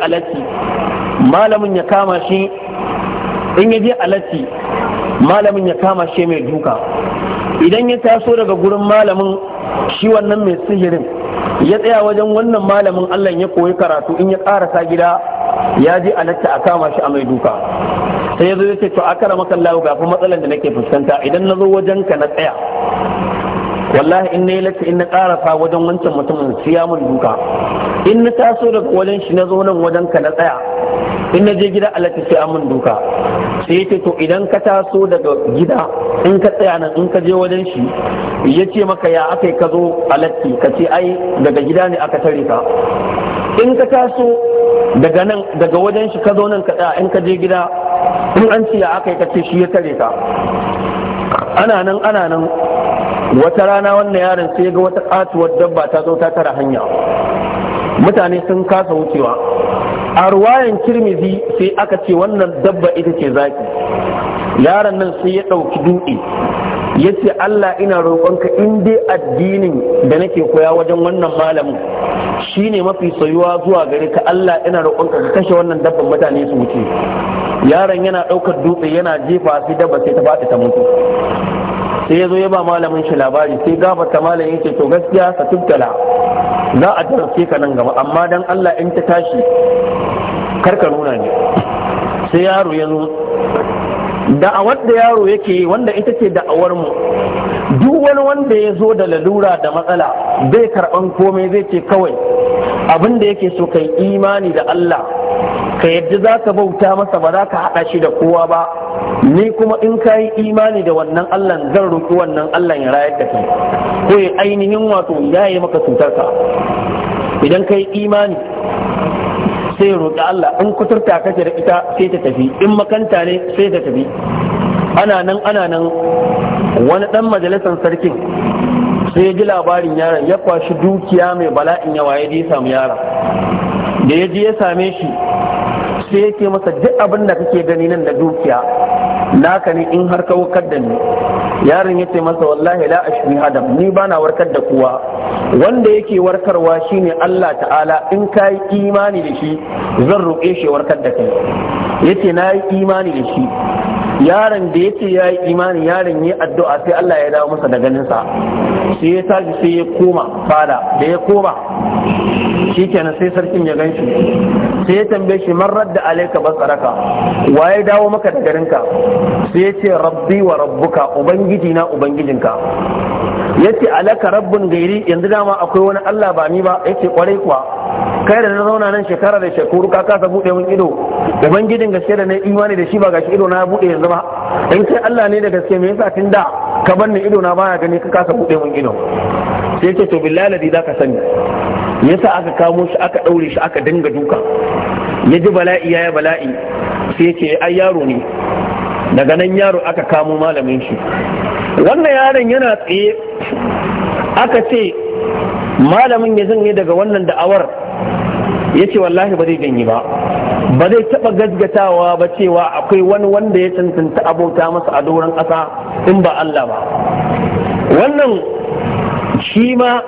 alatti malamin ya kama shi in ya je alatti malamin ya kama shi mai duka idan ya taso daga gurin malamin shi wannan mai sihirin ya tsaya wajen wannan malamin Allah ya koyi karatu in ya karasa gida ya je a kama shi a mai duka sai ya zo ya ce to a kara maka Allah ga matsalar da nake fuskanta idan nazo zo wajen ka na tsaya wallahi in na yi latti in na karasa wajen wancan mutumin siya mun duka in na taso daga wajen shi na zo nan wajen ka na tsaya in na je gida alati sai amin duka sai yace to idan ka taso daga gida in ka tsaya nan in ka je wajen shi ya ce maka ya aka ka zo alatti ka ce ai daga gida ne aka tare ka in ka taso daga nan daga wajen shi ka zo nan ka tsaya in ka je gida in an ce ya aka ka ce shi ya tare ka ana nan ana nan wata rana wannan yaron sai ya ga wata katuwar dabba ta zo ta tara hanya mutane sun kasa wucewa a ruwayan kirmizi sai aka ce wannan dabba ita ce zaki yaron nan sai ya ɗauki dutse ya ce Allah ina roƙonka in dai addinin da nake koya wajen wannan malamin shi ne mafi sayuwa zuwa gare ka Allah ina roƙonka ka kashe wannan dabban mutane su wuce yaron yana ɗaukar dutse yana jefa sai dabba sai ta faɗi ta mutu sai ya zo ya ba malamin shi labari sai gabata malamin ce to gaskiya ka tuttala za a darasi ka nan gaba amma dan Allah in ta tashi karka nuna ne sai yaro ya zo da'awar da yaro yake wanda ita ce da'awar mu duk wani wanda ya zo da lalura da matsala bai karɓan komai zai ce kawai abin da yake so kai imani da Allah ka yadda za ka bauta masa ba za ka haɗa shi da kowa ba ni kuma in ka yi imani da wannan Allah zan roƙi wannan Allah ya rayar da kai ko ya ainihin wato ya yi maka cutarka idan ka yi imani sai roƙi Allah in kuturta kake da ita sai ta tafi in makanta ne sai ta tafi ana nan ana nan wani dan majalisar sarkin sai ya ji labarin yaron ya kwashi dukiya mai bala'in yawa ya je ya samu yaron da ya je ya same shi sai yake masa duk abin da kake gani nan da dukiya naka ne in har ka warkar da ni yaron ya ce masa wallahi la ashmi adam ni bana warkar da kuwa. wanda yake warkarwa shine Allah ta'ala in ka yi imani da shi zan roƙe shi warkar da kai yace na yi imani da shi yaron da yace ya yi imani yaron ya addu'a sai Allah ya dawo masa da ganinsa, sa sai ya tashi sai ya koma fada da ya koma shikenan sai sarkin ya ganshi sai ya tambaye shi man radda alayka basaraka ya dawo maka da garinka sai ya ce rabbi wa rabbuka ubangiji na ubangijinka yace alaka rabbun gairi yanzu dama akwai wani Allah ba ni ba yace kwarai kuwa kai da na zauna nan shekara da shekuru ka kasa bude min ido ubangijin gaske da na imani da shi ba gashi ido na bude yanzu ba in sai Allah ne da gaske me yasa tun da ka bar ni ido na baya gani ka kasa bude mun ido sai ce to billahi ladi zaka sani yasa aka kamo shi aka daure shi aka dinga duka ya ji bala'i ya yi bala'i sai ce ai yaro ne daga nan yaro aka kamo malamin shi wannan yaron yana tsaye aka ce malamin ya zanye daga wannan da'awar ya ce wallahi ba zai janye ba ba zai taɓa gasgatawa ba cewa akwai wani wanda ya cancanta abota masa a doron ƙasa in ba Allah ba wannan shi ma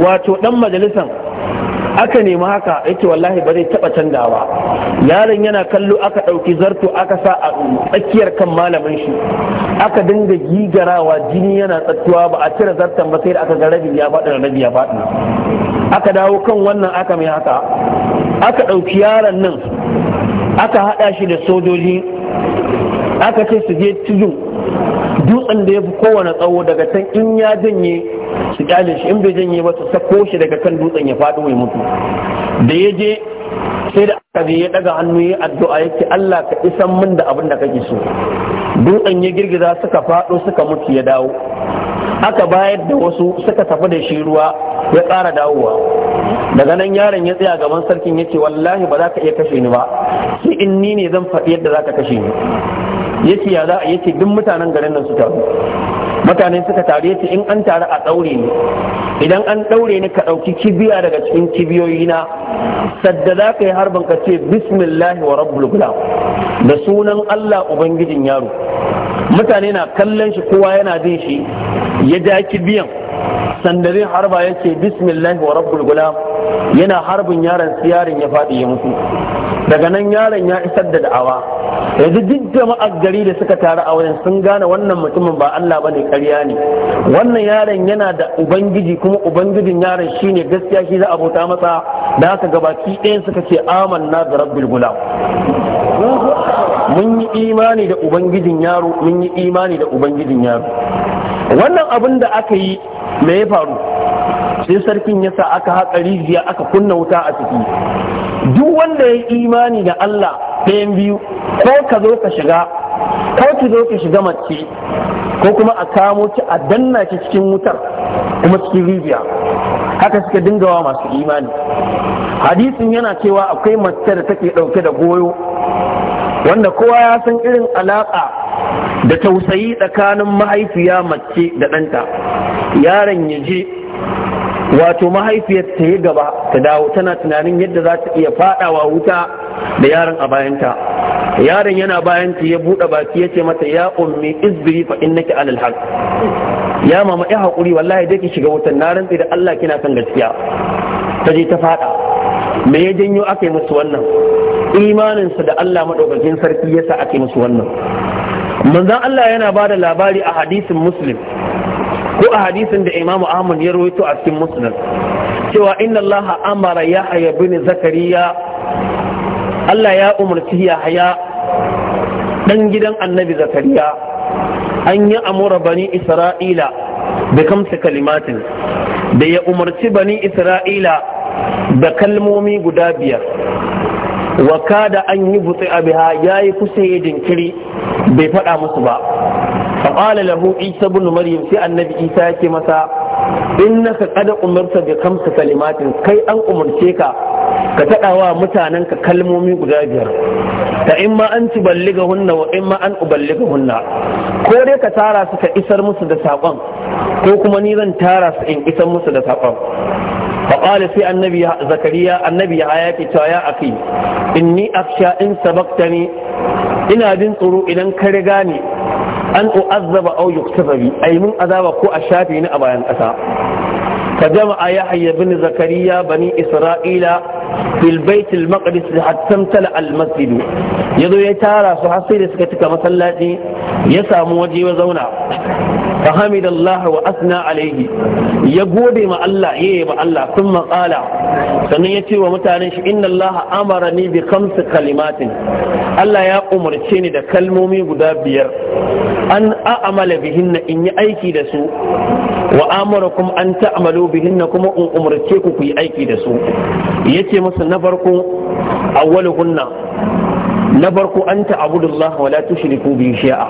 wato ɗan majalisan aka nemi haka yake wallahi ba zai taba canzawa yaron yana kallo aka ɗauki zarto aka sa a tsakiyar kan malamin shi aka dinga gigarawa jini yana tsattuwa ba a cire zartan ba sai da aka ga rabi ya faɗi rabi ya faɗi aka dawo kan wannan aka mai haka aka ɗauki yaron nan aka haɗa shi da sojoji aka ce su je tudun dutsen da ya fi kowane tsawo daga can in ya janye su kyale shi in bai janye ba su sako shi daga kan dutsen ya faɗo ya mutu da ya je sai da aka je ya daga hannu ya addu'a yake Allah ka isan min da abin da kake so dutsen ya girgiza suka faɗo suka mutu ya dawo aka bayar da wasu suka tafi da shi ruwa ya ƙara dawowa daga nan yaron ya tsaya gaban sarkin ya ce wallahi ba za ka iya kashe ni ba sai in ni ne zan faɗi yadda za ka kashe ni yake ya za a yake duk mutanen garin nan su taru mutane suka tare ta in an taru a ɗaure ni idan an ɗaure ni ka ɗauki kibiya daga cikin kibiyoyi na sadda za ka yi harbin ka ce bismillahi wa rabbul gulam da sunan Allah ubangijin yaro mutane na kallon shi kowa yana jin shi ya ja kibiyan sandarin harba ya ce bismillahi wa rabbul gulam yana harbin yaron yaron ya faɗi ya mutu daga nan yaron ya isar da da'awa yanzu duk jama'ar gari da suka taru a wajen sun gane wannan mutumin ba Allah bane ƙarya ne wannan yaron yana da ubangiji kuma ubangijin yaron shine gaskiya shi za a bauta masa da haka gabaki ɗaya suka ce amanna da rabbil gulam mun yi imani da ubangijin yaro mun yi imani da ubangijin yaro wannan abin da aka yi mai ya faru sai sarkin ya sa aka haƙa rijiya aka kunna wuta a ciki duk wanda ya imani da Allah ɗayan biyu ko ka zo ka shiga kar ki zo ki shiga mace ko kuma a kamo ki a danna ki cikin wutar kuma cikin rijiya haka suka dinga wa masu imani hadisin yana cewa akwai mace da take dauke da goyo wanda kowa ya san irin alaka da tausayi tsakanin mahaifiya mace da ɗanta yaron ya je wato mahaifiyar ta yi gaba ta dawo tana tunanin yadda za ta iya faɗawa wuta da yaron a bayanta yaron yana bayan ta ya buɗe baki ya ce mata ya ummi izbiri fa innaki alal haq ya mama ya hakuri wallahi dai ki shiga wutan na rantsi da Allah kina san gaskiya ta je ta faɗa me ya janyo aka yi musu wannan sa da Allah maɗaukakin sarki ya aka yi musu wannan manzon Allah yana ba da labari a hadisin muslim ko a hadisin da imamu ahmad ya rawaito a cikin musnad cewa inna Allah amara yahya bin zakariya Allah ya umarci haya. dan gidan annabi zakariya an yi amura bani isra'ila da kalimatin da ya umarci bani isra'ila da kalmomi guda biyar wa kada an yi butse a biha ya yi kusa ya jinkiri bai faɗa musu ba faƙala lahu isa bunu maryam sai annabi isa yake masa innaka qad umirta bi khamsi kalimatin kai an umurce ka ka taɗa wa mutanen ka kalmomi guda biyar ta in ma an ci balliga hunna wa in ma an uballiga hunna ko dai ka tara su ka isar musu da saƙon ko kuma ni zan tara su in isar musu da saƙon فقال في النبي زكريا النبي حياتي تايا أخي إني أخشى إن سبقتني ina din tsoro idan ka riga ni an u'azzaba aw yuktafa bi ay mun azaba ko a shafe ni a bayan ƙasa fa jama'a yahya bin zakariya bani isra'ila fil baitul maqdis hatta tala al masjid yazo ya tara su har sai da suka tuka masallaci ya samu waje ya zauna fa hamidallahu wa asna alaihi ya gode ma Allah ya ma Allah kuma qala sannan ya ce wa mutanen shi inna Allah amara ni bi khamsi kalimatin Allah ya umarce ni da kalmomi guda biyar an a'amala bihinna in yi aiki da su wa amarakum an ta'malu bihinna kuma in umarce ku ku yi aiki da su yace ce masa na farko awwalu hunna na farko an ta'budullah wa wala tushriku bihi shi'a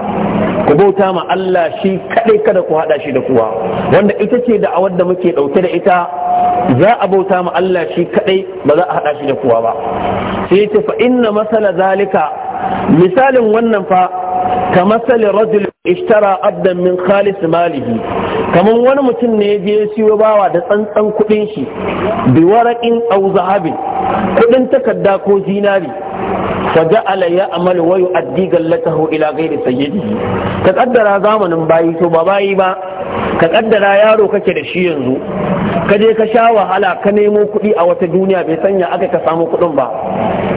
ku bauta ma Allah shi kadai kada ku hada shi da kuwa wanda ita ce da'awar da muke dauke da ita za a bauta ma Allah shi kadai ba za a hada shi da kowa ba sai ce fa inna masala zalika misalin wannan fa ka masali rajul ishtara abdan min khalis malihi kamar wani mutum ne ya je siyo bawa da tsantsan kudin shi bi waraqin aw zahabin kudin takarda ko zinari فجعل يعمل ويؤدي قلته الى غير سيده kaddara zamanin bayi to ba bayi ba ka kaddara yaro kake da shi yanzu ka je ka sha wahala ka nemo kuɗi a wata duniya bai sanya aka ka samu kuɗin ba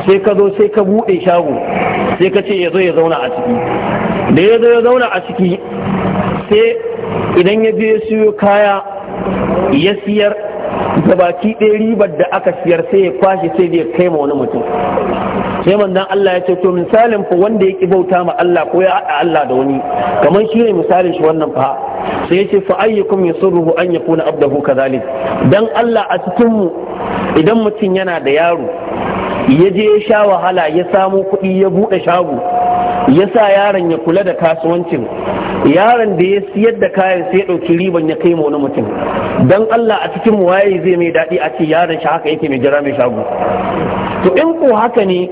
sai ka zo sai ka buɗe shago sai ka ce yazo ya zauna a ciki da yazo ya zauna a ciki sai idan ya je ya siyo kaya ya siyar gabaki ɗaya ribar da aka siyar sai ya kwashe sai da ya kai ma wani mutum sai manzon Allah ya ce to misalin fa wanda yake bauta ma Allah ko ya haɗa Allah da wani kamar shi ne misalin shi wannan fa sai ya ce fa ayyukum yasurruhu an yakuna abdahu kadhalik dan Allah a cikin mu idan mutum yana da yaro ya je ya sha wahala ya samo kuɗi ya buɗe shago ya sa yaron ya kula da kasuwancin yaron da ya siyar da kayan sai ya ɗauki riban ya kai wani mutum dan Allah a cikin waye zai mai daɗi a ce yaron shi haka yake mai jira mai shago to in ko haka ne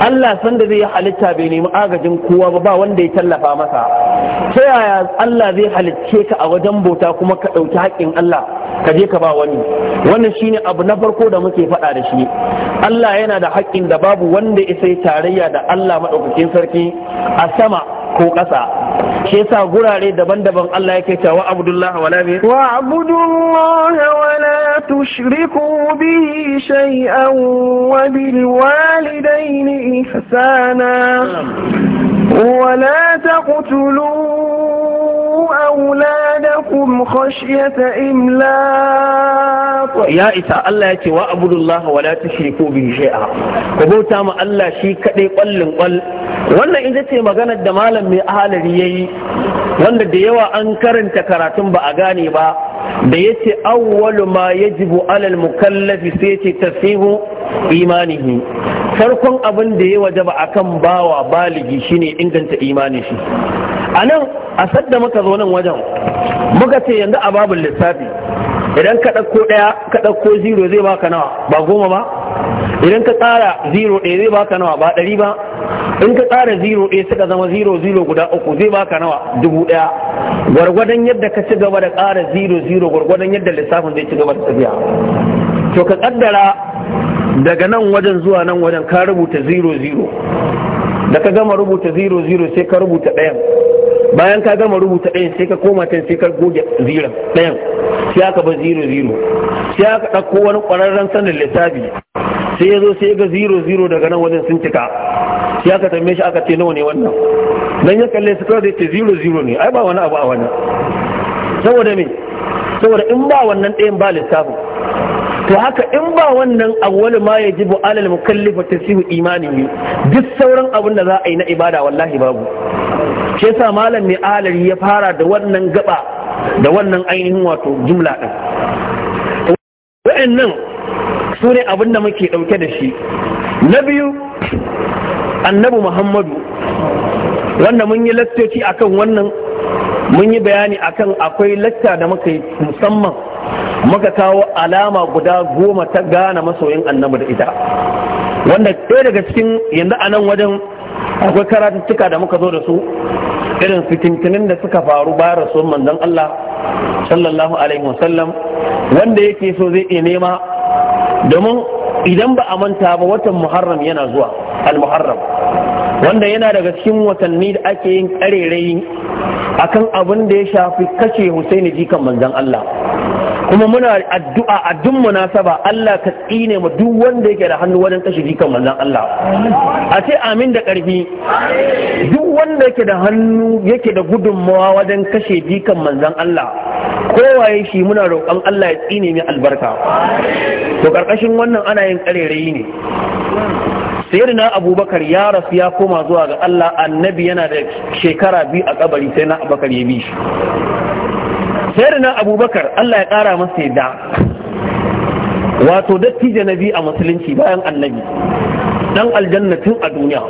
Allah san da zai yi halitta bai nemi agajin kowa ba ba wanda ya tallafa masa ta yaya Allah zai halicce ka a wajen bauta kuma ka ɗauki haƙƙin Allah ka je ka ba wani wannan shine abu na farko da muke faɗa da shi Allah yana da haƙƙin da babu wanda ya sai tarayya da Allah maɗaukakin sarki a sama ko ƙasa ke sa gurare daban-daban Allah ya ta wa abdullahi wala bi wa abdullahi wala tushriku bihi shay'an wa bil walidayni إحسانا ولا تقتلوا أولادكم خشية إملاق يا إساء الله يتي وأبد الله ولا تشركوا به شيئا كبوتا ما الله شيء كدي قل قل wannan ita ce maganar da malam mai ahalari ya yi wanda da yawa an karanta karatun ba a gane ba da ya ce awwalu ma yajibu alal mukallafi sai ce tasihu imanihi farkon abin da ya wajaba akan bawa baligi shine inganta imanin shi anan a sadda muka zo nan wajen muka ce yanzu a babul lissafi idan ka ɗauko ɗaya ka ɗauko zero zai baka nawa ba goma ba idan ka tsara zero ɗaya zai baka nawa ba ɗari ba in ka tsara zero ɗaya suka zama zero zero guda uku zai baka nawa dubu ɗaya gwargwadon yadda ka ci gaba da ƙara zero zero gwargwadon yadda lissafin zai ci gaba da tafiya to ka kaddara daga nan wajen zuwa nan wajen ka rubuta zero zero da ka gama rubuta zero zero sai ka rubuta ɗayan bayan ka gama rubuta ɗayan sai ka koma can sai ka goge zira ɗayan sai aka bar zero zero sai aka ɗauko wani ƙwararren sanin lissafi sai ya zo sai ga zero zero daga nan wajen sun cika sai aka tambaye shi aka ce nawa ne wannan dan ya kalle su kawai ce zero zero ne ai ba wani abu a wani saboda me saboda in ba wannan ɗayan ba lissafin to haka in ba wannan awwal ma yajibu alal mukallifa tasihu imani duk sauran abin da za a yi na ibada wallahi babu Ke sa malam mai alari ya fara da wannan gaba da wannan ainihin wato jumla din wa'annan su ne abin da muke dauke da shi na biyu annabi muhammadu wanda mun yi lattoci akan wannan mun yi bayani akan akwai lacca da muka yi musamman muka kawo alama guda goma ta gane masoyin annabi da ita wanda ɗaya daga cikin yanzu a nan wajen akwai karatuttuka da muka zo da su irin fitintinin da suka faru bayan rasuwar manzon Allah sallallahu alaihi wasallam wanda yake so zai iya nema domin idan ba a manta ba watan muharram yana zuwa al-muharram wanda yana daga cikin watanni da ake yin karerayi akan abin da ya shafi kashe Hussaini jikan manzon Allah kuma muna addu'a a duk munasaba Allah ka tsine mu duk wanda yake da hannu wajen kashe jikan manzon Allah a ce amin da karfi duk wanda yake da hannu yake da gudunmawa wajen kashe jikan manzon Allah kowaye shi muna roƙon Allah ya tsine mai albarka to karkashin wannan ana yin karerayi ne sayyidina abubakar ya rasu ya koma zuwa ga Allah annabi yana da shekara biyu a kabari sai na abubakar ya bi shi sayyidina abubakar Allah ya ƙara masa yadda wato dattijo nabi a musulunci bayan annabi ɗan aljanna tun a duniya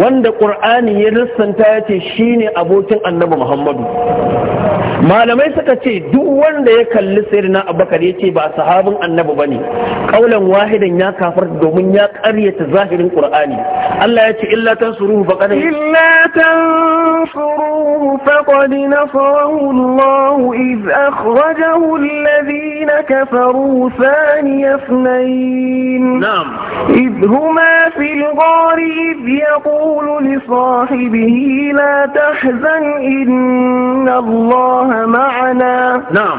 wanda ƙur'ani ya lissanta ya ce shi ne abokin annabi muhammadu malamai suka ce duk wanda ya kalli sayyidina abubakar ya ce ba sahabin annabi bane kaulan wahidan ya kafar domin ya karyata zahirin qur'ani Allah ya ce illa tansuruhu faqad illa tansuruhu faqad nasarahu Allah iz akhrajahu alladhina kafaru thaniya ithnain na'am iz fil ghari iz yaqul يقول لصاحبه لا تحزن إن الله معنا نعم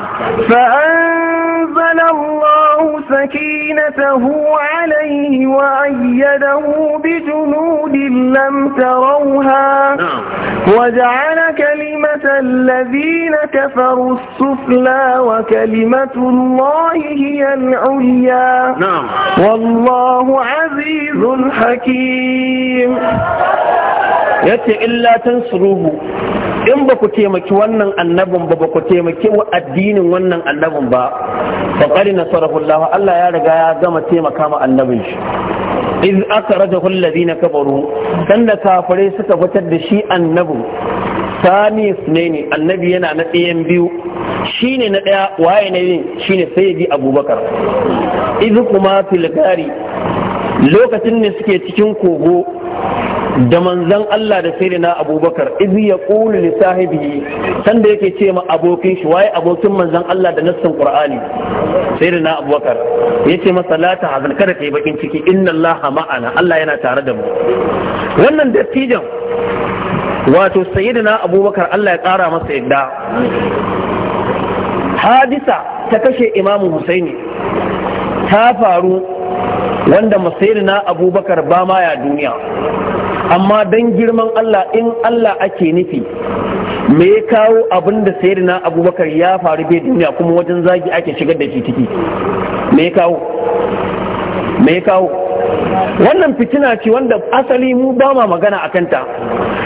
فأنزل الله سكينته عليه وأيده بجنود لم تروها نعم وجعل كلمة الذين كفروا السفلى وكلمة الله هي العليا نعم والله عزيز حكيم ya ce illa tansuruhu in ba ku taimaki wannan annabin ba ba ku taimaki wa addinin wannan annabin ba faqad nasarahu Allah Allah ya riga ya gama taimaka ma annabin shi iz na alladhina dan kanda kafirai suka fitar da shi annabin sani ne ne annabi yana na ɗayan biyu shine na ɗaya waye ne shine sayyidi abubakar iz kuma fil lokacin ne suke cikin kogo da manzan Allah da sai na abubakar izi ya ƙulu li sahibi sanda yake ce ma abokin shi waye abokin manzan Allah da nassan qur'ani sai da na abubakar ya ce masa la ta hazan kada ka yi bakin ciki inna Allah ma'ana Allah yana tare da mu wannan dattijan wato sayyidina abubakar Allah ya ƙara masa yadda hadisa ta kashe imamu husaini ta faru wanda na abubakar ba ma ya duniya amma don girman Allah in Allah ake nufi me ya kawo abin da na abubakar ya faru bai duniya kuma wajen zagi ake shigar da shi ciki me ya kawo me ya kawo wannan fitina ce wanda asali mu ba ma magana a kanta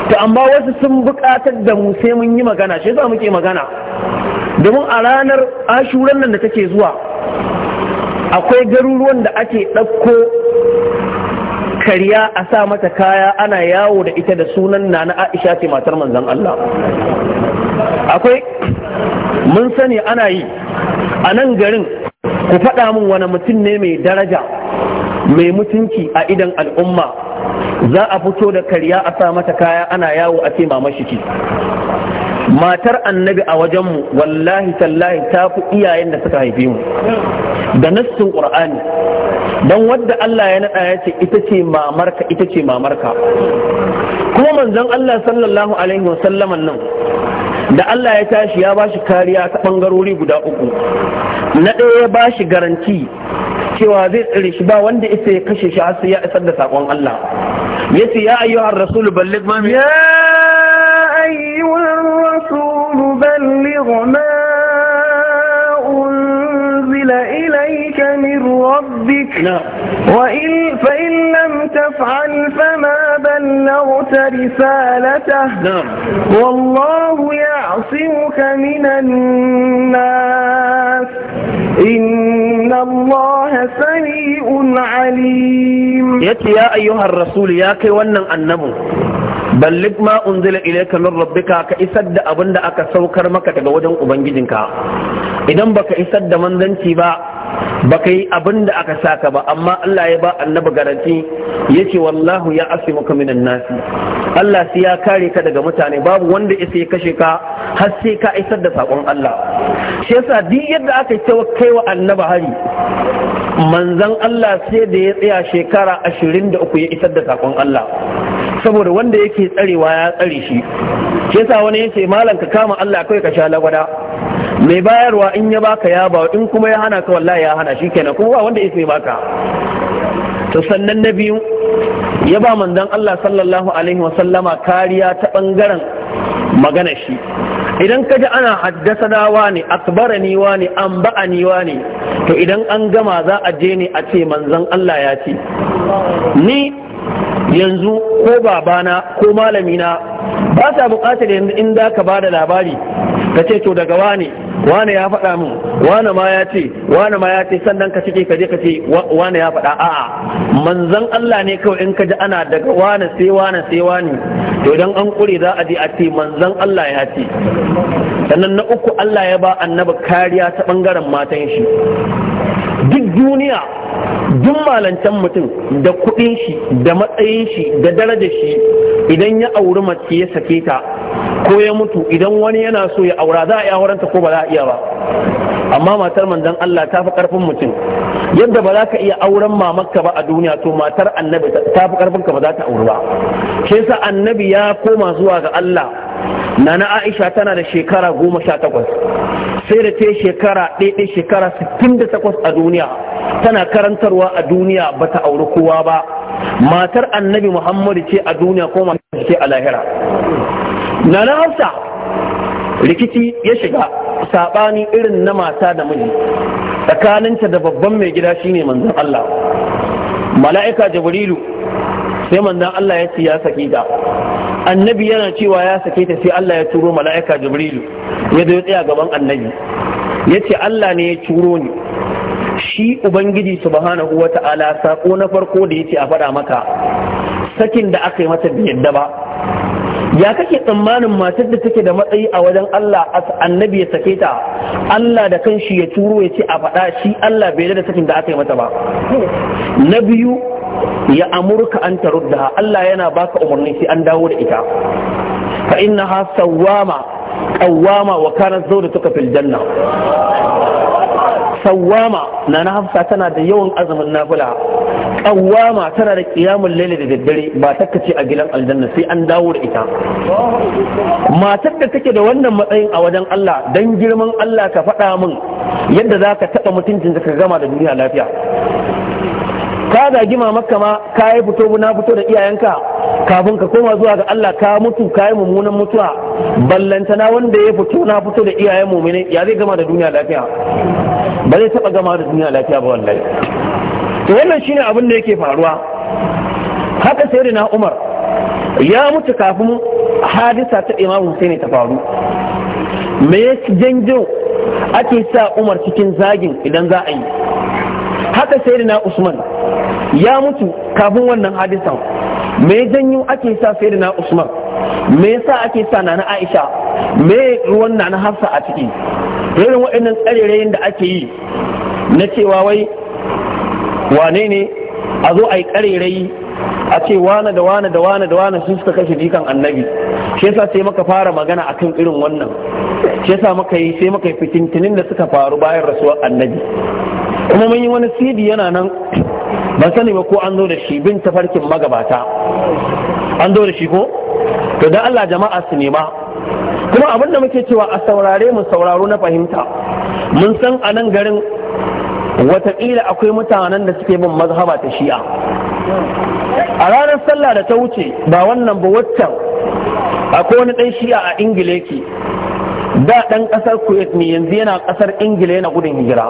ta amma wasu sun buƙatar da mu sai mun yi magana shi za muke magana domin a ranar ashuran nan da take zuwa akwai garuruwan da ake ɗauko kariya a sa mata kaya ana yawo da ita da sunan na na aisha ce matar manzan Allah akwai mun sani ana yi a nan garin ku faɗa min wani mutum ne mai daraja mai mutunci a idan al'umma za a fito da kariya a sa mata kaya ana yawo a ce mamashi ki. matar annabi a wajenmu wallahi tallahi ta fi iyayen da suka haife mu da nassin qur'ani don wadda Allah ya naɗa ya ce ita ce mamarka ita ce mamarka kuma manzon Allah sallallahu alaihi wasallaman nan da Allah ya tashi ya bashi kariya ta bangarori guda uku na ɗaya ya bashi garanti cewa zai tsire shi ba wanda isa ya kashe shi har sai ya isar da sakon Allah yace ya ayyuhar rasulu balligh ma ya الرسول بلغ ما أنزل إليك من ربك نعم وإن فإن لم تفعل فما بلغت رسالته نعم والله يعصمك من الناس إن الله سميع سميع ya يتي يا ya kai wannan كي ونن ma unzila ilayka min rabbika ka isar da abin da aka saukar maka daga wajen ubangijinka idan baka isar da manzanci ba baka yi abinda aka saka ba amma Allah ya ba annabi garanti yace wallahu ya asimuka minan nasi Allah sai ya kare ka daga mutane babu wanda isa ya kashe ka har sai ka isar da sakon Allah shi yasa duk yadda aka yi kai wa annabi hari manzan Allah sai da ya tsaya shekara ashirin da uku ya isar da sakon Allah saboda wanda yake tsarewa ya tsare shi ke sa wani yace malam ka kama Allah kai ka sha lagwada mai bayarwa in ya baka ya ba in kuma ya hana ka wallahi ya hana shi kenan kuma ba wanda sai baka to sannan na biyu ya ba manzon Allah sallallahu alaihi wasallama kariya ta ɓangaren magana shi idan ka ji ana haddasa wa ne akbara ni wa ne an ba'a ni wa to idan an gama za a je ne a ce manzon Allah ya ce ni yanzu ko babana ko malamina ba sa buƙatar yanzu in za ka ba da labari ka ce to daga wane wane ya faɗa min wane ma ya ce wane ma ya ce sannan ka cike ka je ka ce wane ya faɗa a'a manzan Allah ne kawai in ka ji ana daga wane sai wane sai wane to idan an kure za a je a ce manzan Allah ya ce sannan na uku Allah ya ba annabi kariya ta bangaren matan shi duk duniya duk malantan mutum da kuɗin shi da matsayin shi da darajar shi idan ya auri mace ya sake ta ko ya mutu idan wani yana so ya aura za a iya aurenta ko ba za a iya ba amma matar manzon Allah ta fi karfin mutum yadda ba za ka iya auren mamakka ba a duniya to matar annabi ta fi karfin ka ba za ta auri ba shi yasa annabi ya koma zuwa ga Allah nana aisha tana da shekara goma sha takwas sai da ta shekara ɗaiɗe shekara sittin da takwas a duniya tana karantarwa a duniya ba ta auri kowa ba matar annabi muhammadu ce a duniya ko matar ce a lahira nana hafsa rikici ya shiga saɓani irin na mata da miji tsakaninta da babban mai gida shine manzon allah mala'ika jibrilu sai manzon Allah ya ce ya sake ta annabi yana cewa ya sake ta sai Allah ya turo mala'ika jibrilu ya zo tsaya gaban annabi ya ce Allah ne ya turo ni shi ubangiji subhanahu wata'ala sako na farko da ya ce a faɗa maka sakin da aka yi mata bai yadda ba ya kake tsammanin matar da take da matsayi a wajen Allah annabi ya sake ta Allah da kanshi ya turo ya ce a faɗa shi Allah bai da sakin da aka yi mata ba na biyu ya amurka an tarudda Allah yana baka umarni sai an dawo da ita fa innaha sawwama qawwama wa kanat zawdatuka fil janna sawama na na hafsa tana da yawan azumin nafila qawama tana da qiyamul laili da daddare ba takka ce a gidan aljanna sai an dawo da ita matar da take da wannan matsayin a wajen Allah dan girman Allah ka faɗa min yadda zaka taɓa mutuncin ka gama da duniya lafiya ka zagi mamakka ma ka yi fito na fito da iyayenka kafin ka koma zuwa ga Allah ka mutu ka yi mummunan mutuwa na wanda ya fito na fito da iyayen mumine ya zai gama da duniya lafiya ba zai taba gama da duniya lafiya ba wallahi to wannan shine abin da yake faruwa haka sai na Umar ya mutu kafin hadisa ta Imam Hussein ta faru me ya janjo ake sa Umar cikin zagin idan za a yi haka sayyidina usman ya mutu kafin wannan hadisan me janyo ake sa sayyidina usman me yasa ake sa na aisha me ruwan na na hafsa a ciki irin waɗannan tsarerin da ake yi na cewa wai wane ne a zo a yi tsarerai a ce wane da wane da wane da wane sun suka kashe jikan annabi shi yasa sai maka fara magana akan irin wannan shi yasa muka yi sai muka yi fitintinin da suka faru bayan rasuwar annabi kuma mun yi wani sidi yana nan ban sani ba ko an zo da shi bin tafarkin magabata an zo da shi ko to dan Allah jama'a su nema kuma abin da muke cewa a saurare mu sauraro na fahimta mun san a nan garin wataƙila akwai mutanen da suke bin mazhaba ta shi'a a ranar sallah da ta wuce ba wannan ba waccan akwai wani ɗan shi'a a ingila yake da ɗan ƙasar kuwait ne yanzu yana ƙasar ingila yana gudun hijira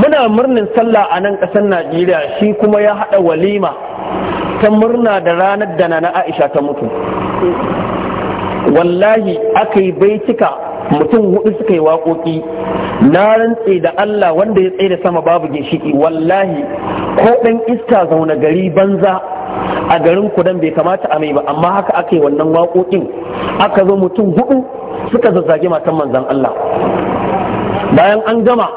muna murnin sallah a nan ƙasar najeriya shi kuma ya haɗa walima ta murna da ranar da na aisha ta mutu wallahi aka yi baitika mutum hudu suka yi waƙoƙi na rantse da Allah wanda ya tsaye sama babu ginshiki wallahi ko ɗan iska zauna gari banza a garin kudan bai kamata a mai ba amma haka aka wannan waƙoƙin aka zo mutum hudu suka zazzage matan manzan Allah bayan an gama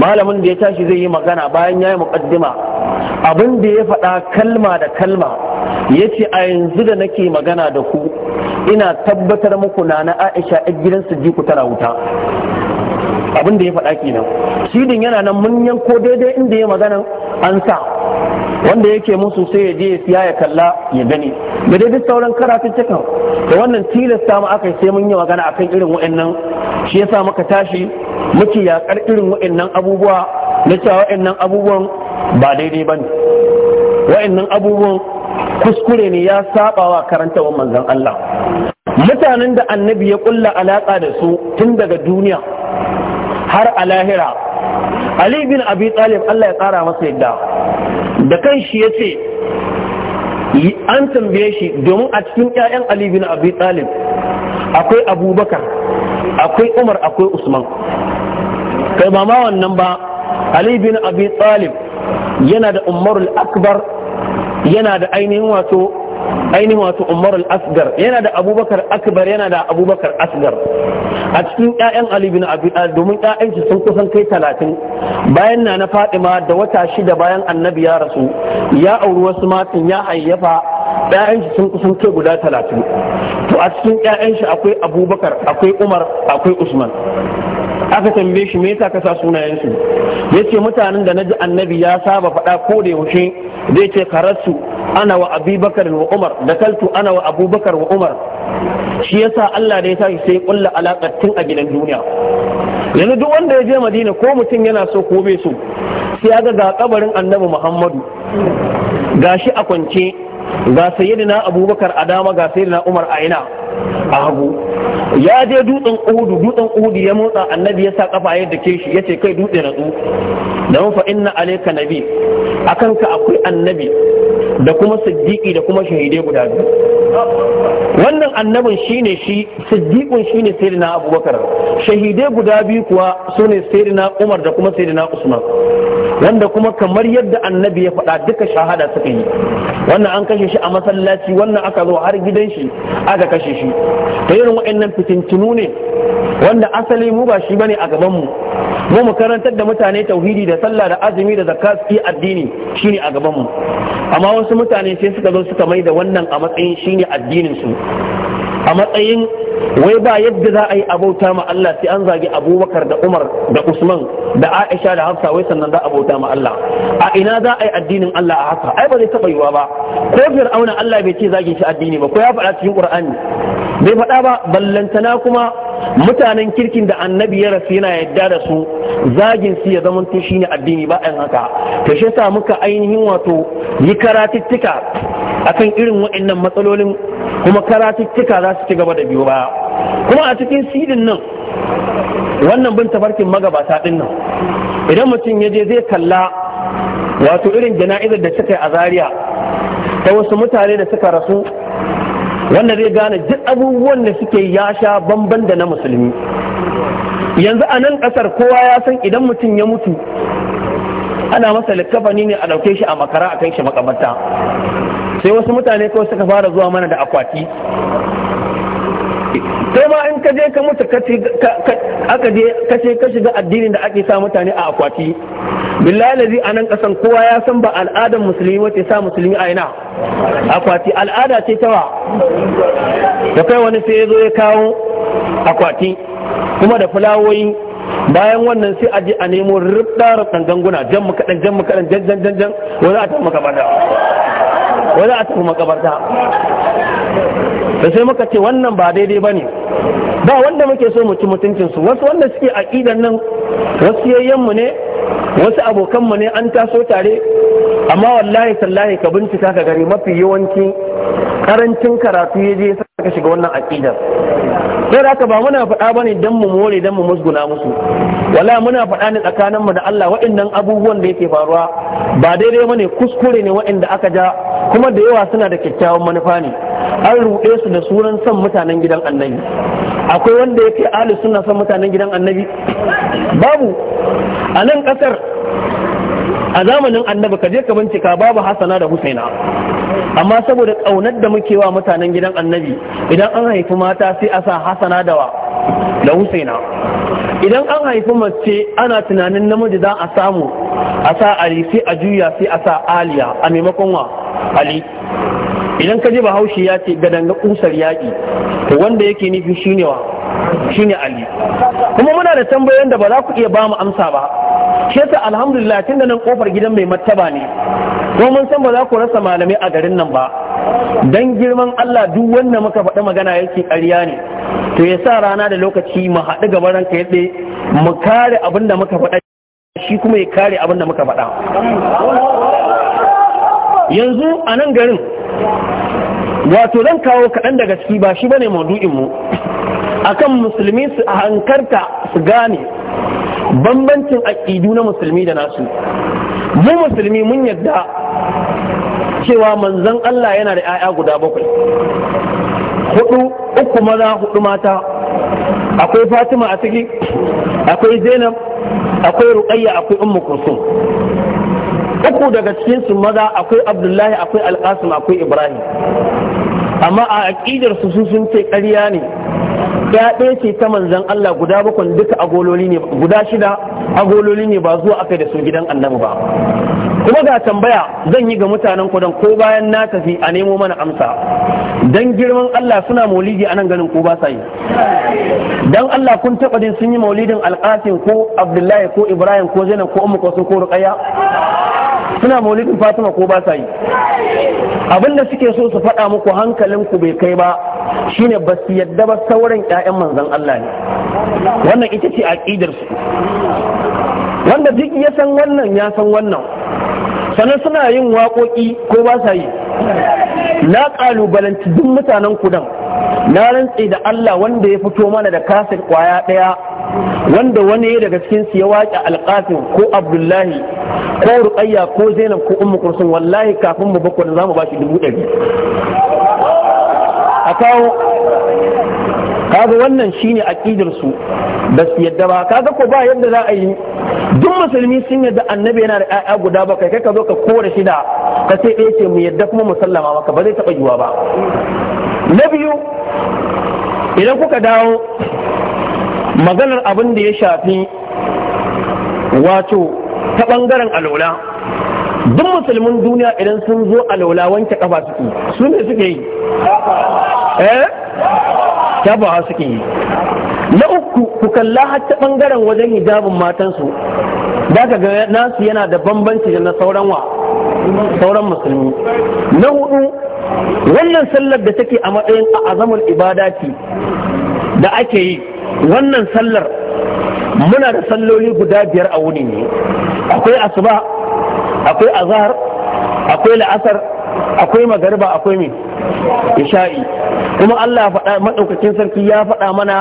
malamin da ya tashi zai yi magana bayan ya yi muƙaddima abin da ya faɗa kalma da kalma ya ce a yanzu da nake magana da ku ina tabbatar muku na na aisha a gidan su ji tana wuta abin da ya faɗa kenan shidin yana nan mun yanko daidai inda ya magana an sa wanda yake musu sai ya je ya siya ya kalla ya gani da duk sauran cikin, da wannan tilasta mu aka sai mun yi magana akan irin wa'annan shi yasa muka tashi muke yakar irin wa'annan abubuwa na cewa wa'annan abubuwan ba daidai bane wa'annan abubuwan kuskure ne ya saba wa karantawan manzon Allah mutanen da annabi ya kulla alaka da su tun daga duniya har a lahira ali bin abi talib Allah ya kara masa yadda da kan shi ya ce an tambaye shi domin a cikin 'ya'yan ali bin abi talib akwai abubakar akwai umar akwai usman kai ba ma wannan ba ali bin abi talib yana da umarul akbar yana da ainihin wato ainihin wato umar al-asgar yana da abubakar akbar yana da abubakar asgar a cikin 'ya'yan ali bin abi domin shi sun kusan kai talatin bayan na na fatima da wata shida bayan annabi ya rasu ya auri wasu matan ya hayyafa shi sun kusan kai guda talatin to a cikin shi akwai abubakar akwai umar akwai usman aka tambaye shi me yasa ka sa sunayensu yace mutanen da naji annabi ya saba faɗa ko da yaushe zai ce Karatu, ana wa abubakar wa umar da kaltu ana wa abubakar wa umar shi yasa Allah da ya shi sai kulla alaƙar tun a gidan duniya yanzu duk wanda ya je madina ko mutum yana so ko bai so sai ya ga ga kabarin annabi muhammadu ga shi a kwance ga sayyidina abubakar a dama ga sayyidina umar a ina a hagu ya je dutsen Udu, dutsen uhudu ya motsa annabi ya sa kafa da ke shi ya ce kai dutse na tsu da fa inna alaika nabi a ka akwai annabi da kuma siddiqi da kuma shahidai guda biyu wannan annabin shine shi siddiqun shine sayyidina abubakar shahidai guda biyu kuwa sune sayyidina umar da kuma sayyidina usman wanda kuma kamar yadda annabi ya faɗa duka shahada suka yi wannan an kashe shi a masallaci wannan aka zo har gidan shi aka kashe shi to irin waɗannan fitintinu ne wanda asali mu ba shi bane a gaban mu mu mu karantar da mutane tauhidi da sallah da azumi da zakka su addini shine a gaban mu amma wasu mutane sai suka zo suka mai da wannan a matsayin shine addinin su a matsayin wai ba yadda za a yi abauta ma Allah sai an zagi abubakar da umar da usman da aisha da hafsa wai sannan za a bauta ma Allah a ina za a yi addinin Allah a haka ai ba zai taɓa yiwa ba ko fir'auna Allah bai ce zagin shi addini ba ko ya faɗa cikin qur'ani bai faɗa ba ballantana kuma mutanen kirkin da annabi ya rasu yana yadda da su zagin su ya zama to shine addini ba ɗan haka ta shi yasa muka ainihin wato yi karatuttuka akan irin waɗannan matsalolin kuma karatuttuka za su ci gaba da biyo baya kuma a cikin sidin nan wannan bin tafarkin magabata ɗin nan idan mutum ya je zai kalla wato irin jana'izar da suka yi a Zariya ta wasu mutane da suka rasu wanda zai gane duk abubuwan da suke ya sha bamban da na musulmi yanzu a nan kasar kowa ya san idan mutum ya mutu ana masa likkafani ne a ɗauke shi a makara a kai shi makabarta sai wasu mutane kawai suka fara zuwa mana da akwati ka je ka mutu aka je kashe ce ka shiga addinin da ake sa mutane a akwati billahi lazi a nan kasan kowa ya san ba al'adar musulmi wace sa musulmi a ina akwati al'ada ce tawa da kai wani sai ya zo ya kawo akwati kuma da fulawoyi bayan wannan sai a je a nemo rubda rubdan ganguna jan mu kadan jan mu kadan jan jan jan wani a tafi makabarta wani a tafi makabarta da sai muka ce wannan ba daidai ba ne ba wanda muke so mu ci mutuncinsu wasu wanda suke aƙidar nan wasu yayyanmu ne wasu abokanmu ne an taso tare amma wallahi sallahi ka bincika ka gari mafi yawancin karancin karatu ya je sa ka shiga wannan aqidar sai haka ba muna faɗa bane dan mu more dan mu musguna musu wallahi muna faɗa ne tsakanin mu da Allah waɗannan abubuwan da yake faruwa ba daidai bane kuskure ne waɗanda aka ja kuma da yawa suna da kyakkyawan manufa ne an ruɗe su da sunan son mutanen gidan annabi akwai wanda yake ahli suna son mutanen gidan annabi babu a nan kasar a zamanin annabi ka je ka bincika babu hasana da husaina amma saboda ƙaunar da muke wa mutanen gidan annabi idan an haifi mata sai a sa hasana da wa da husaina idan an haifi mace ana tunanin namiji za a samu a sa ali sai a juya sai a sa aliya a maimakon wa ali idan ka ba bahaushe ya ce gadanga kusar yaƙi to wanda yake nufi shine wa shine ali kuma muna da tambayoyin da ba za ku iya ba mu amsa ba shi alhamdulillah tun da nan kofar gidan mai martaba ne ko mun san ba za ku rasa malamai a garin nan ba dan girman Allah duk wanda muka faɗi magana yake ƙarya ne to ya sa rana da lokaci mu haɗu gaban ranka yadda mu kare abin da muka faɗa shi kuma ya kare abin da muka faɗa yanzu a nan garin wato zan kawo kaɗan daga ciki ba shi bane mu akan musulmi su hankarta su gane bambancin aƙidu na musulmi da nasu mu musulmi mun yadda cewa manzon Allah yana da 'ya'ya guda bakwai hudu uku maza hudu mata akwai fatima a ciki akwai zainab akwai ruƙayya akwai ummu kursum uku daga cikin su maza akwai abdullahi akwai alƙasim akwai ibrahim amma a aƙidar su sun ce ƙarya ne guda ɗaya ce ta manzan Allah guda bakwai duka agololi ne guda shida agololi ne ba zuwa aka da su gidan annabi ba kuma ga tambaya zan yi ga mutanen kudan ko bayan na tafi a nemo mana amsa dan girman Allah suna maulidi a nan ganin ko ba sa yi dan Allah kun taba din sun yi maulidin alƙasin ko abdullahi ko ibrahim ko zainab ko ummu ko ko ruqayya suna maulidin fatima ko ba sa yi abinda suke so su faɗa muku hankalinku bai kai ba shine ba su yadda ba sauran ƴaƴan manzan Allah ne wannan ita ce aqidar su wanda duk ya san wannan ya san wannan sannan suna yin waƙoƙi ko ba sa yi na ƙalubalanci duk mutanen kudan na rantse da Allah wanda ya fito mana da kasir kwaya ɗaya wanda wani ya daga cikin su ya waƙe alƙafin ko abdullahi ko ruƙayya ko zainab ko ummu kursun wallahi kafin mu bakwai za mu ba shi dubu ɗari a kawo kaga wannan shine aqidar su ba su yadda ba kaga ko ba yadda za a yi duk musulmi sun yadda annabi yana da ƴaƴa guda ba kai kai ka zo ka kore shi da ka sai ɗaya eh ce mu yadda kuma mu sallama maka ba zai taɓa yiwa ba na biyu idan kuka dawo maganar abin da ya shafi wato ta ɓangaren alola duk musulmin duniya idan sun zo a laula wanke kafa suke su ne suke yi eh kyabawa suke yi na uku ku kalla har ta bangaren wajen hijabin matansu da ka ga nasu yana da bambanci da na sauran wa sauran musulmi na hudu wannan sallar da take a matsayin a azamul ibada da ake yi wannan sallar muna da salloli guda biyar a wuni ne akwai asuba akwai azhar akwai la'asar akwai magariba akwai me isha'i kuma Allah faɗa madaukakin sarki ya faɗa mana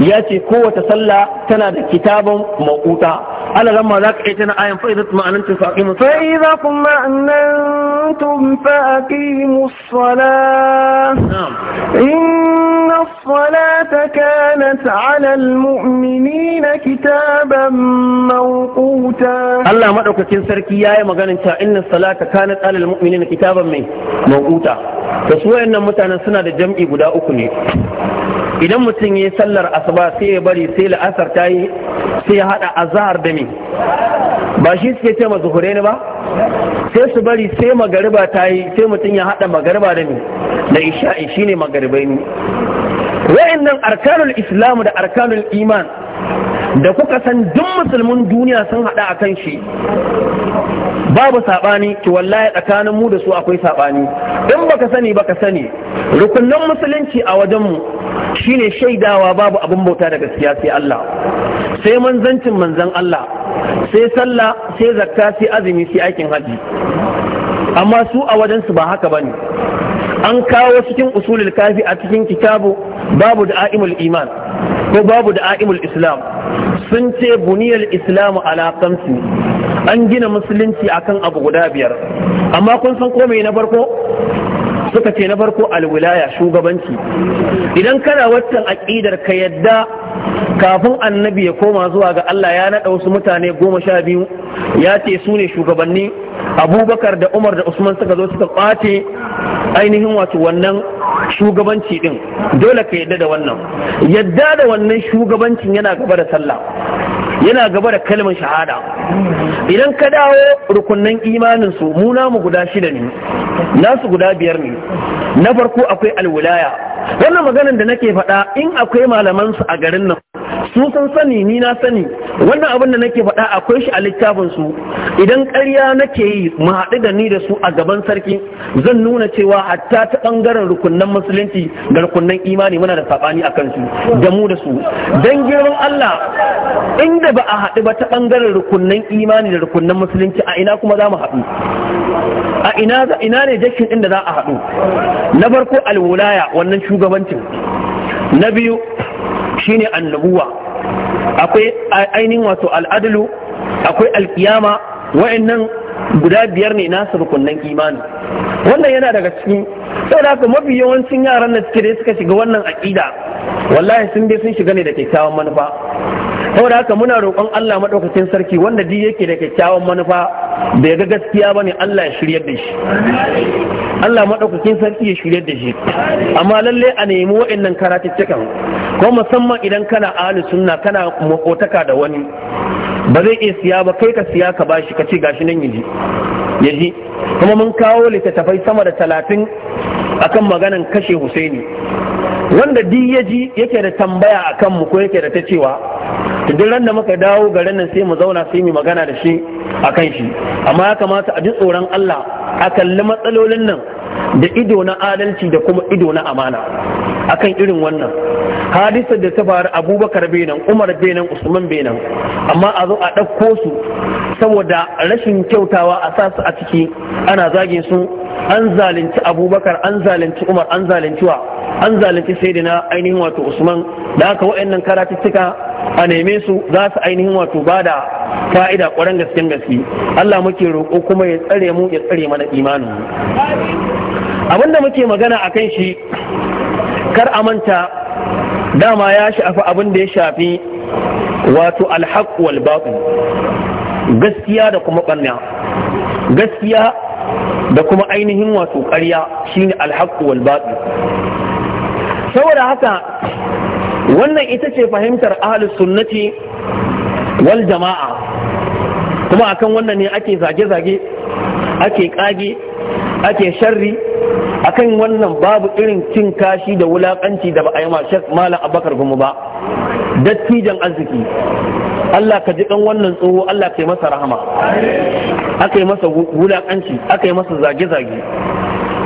ya ce kowace sallah tana da kitabun ma'uta ala lamma za ka aita na ayan fa'idat ma'anantum fa aqimu fa'iza kum ma'anantum tun aqimu musu salah الصلاة كانت على المؤمنين كتابا موقوتا الله مدعوك كنسركي يا مغانا إن الصلاة كانت على المؤمنين كتابا موقوتا فسوى إن متانا سنة جمع بدا أكني idan mutum ya sallar asuba sai ya bari sai la'asar ta yi sai ya hada azhar da me ba shi suke ce ma ne ba sai su bari sai magariba ta yi sai mutum ya haɗa magariba da ni da isha'i shine magaribai ne wa'annan arkanul islam da arkanul iman da kuka san duk musulmin duniya sun haɗa a kan shi babu saɓani ki wallahi tsakanin mu da su akwai saɓani in baka sani baka sani rukunin musulunci a wajenmu shine shaidawa babu abin bauta da gaskiya sai Allah sai manzancin manzan Allah sai sallah sai zakka sai azumi sai aikin haji amma su a wajensu ba haka bane an kawo cikin usulul kafi a cikin kitabu babu da'imul iman ko babu da'imul islam sun ce buniyar islam ala kamsi an gina musulunci akan abu guda biyar amma kun san komai na farko suka ce na farko alwilaya shugabanci idan kana waccan aƙidar ka yadda kafin annabi ya koma zuwa ga Allah ya naɗa wasu mutane goma sha biyu ya ce su ne shugabanni abubakar da umar da usman suka zo suka ƙwace ainihin wato wannan shugabanci ɗin dole ka yadda da wannan yadda da wannan shugabancin yana gaba da sallah yana gaba da kalmar shahada idan ka dawo rukunnan imanin su mu namu guda shida ne nasu guda biyar ne na farko akwai alwilaya wannan maganin da nake faɗa in akwai malaman su a garin nan su san sani ni na sani wannan abin da nake faɗa akwai shi a littafin su idan ƙarya nake yi mu haɗu da ni da su a gaban sarki zan nuna cewa hatta ta ɓangaren rukunnan musulunci da rukunnan imani muna da saɓani a su da mu da su dan girman Allah inda ba a haɗu ba ta ɓangaren rukunnan imani da rukunnan musulunci a ina kuma za mu haɗu a ina ne jakin inda za a haɗu na farko alwulaya wannan shugabancin na biyu shine annabuwa akwai ainihin wato al'adalu akwai alkiyama wa'annan guda biyar ne nasu rukunnan imani wannan yana daga cikin sai da mafi yawancin yaran da suke da suka shiga wannan aƙida wallahi sun dai sun shiga ne da kyakkyawan manufa da haka muna roƙon Allah maɗaukacin sarki wanda duk yake da kyakkyawan manufa bai ga gaskiya ba ne Allah ya shiryar da shi Allah maɗaukacin sarki ya shirya da shi amma lalle a nemi nan karatuttukan ko musamman idan kana ahli sunna kana makotaka da wani ba zai iya siya ba kai ka siya ka ba shi ka ce gashi nan yaji yaji kuma mun kawo littattafai sama da talatin akan maganan kashe Husaini wanda duk yaji yake da tambaya akan mu ko yake da ta cewa duk ran da muka dawo garin nan sai mu zauna sai mu magana da shi akan shi amma ya kamata a ji tsoron Allah a kalli matsalolin nan da ido na adalci da kuma ido na amana akan irin wannan hadisa da ta faru abubakar benin umar benin usman benin amma a zo a ɗauko su saboda rashin kyautawa a sa su a ciki ana zagin su an zalunci abubakar an zalunci umar an zalunci wa an zalunci na ainihin wato usman da wa'in waɗannan karatuttuka a neme su za su ainihin wato ba da fa'ida ƙwarar gaske gaske Allah muke roƙo kuma ya tsare mu ya tsare mana imanin mu abinda muke magana a kan shi kar a manta dama ya shafi abin da ya shafi wato alhaq wal batil gaskiya da kuma ɓarna gaskiya da kuma ainihin wato ƙarya shine alhaqqu wal batil saboda haka wannan ita ce fahimtar ahlus sunnati wal jama'a kuma akan wannan ne ake zage-zage ake kage ake sharri akan wannan babu irin cin kashi da wulakanci da ba a yi malam abakar gumu ba dattijan arziki Allah ka ji kan wannan tsoho Allah ka yi masa rahama aka yi masa wulakanci aka yi masa zage-zage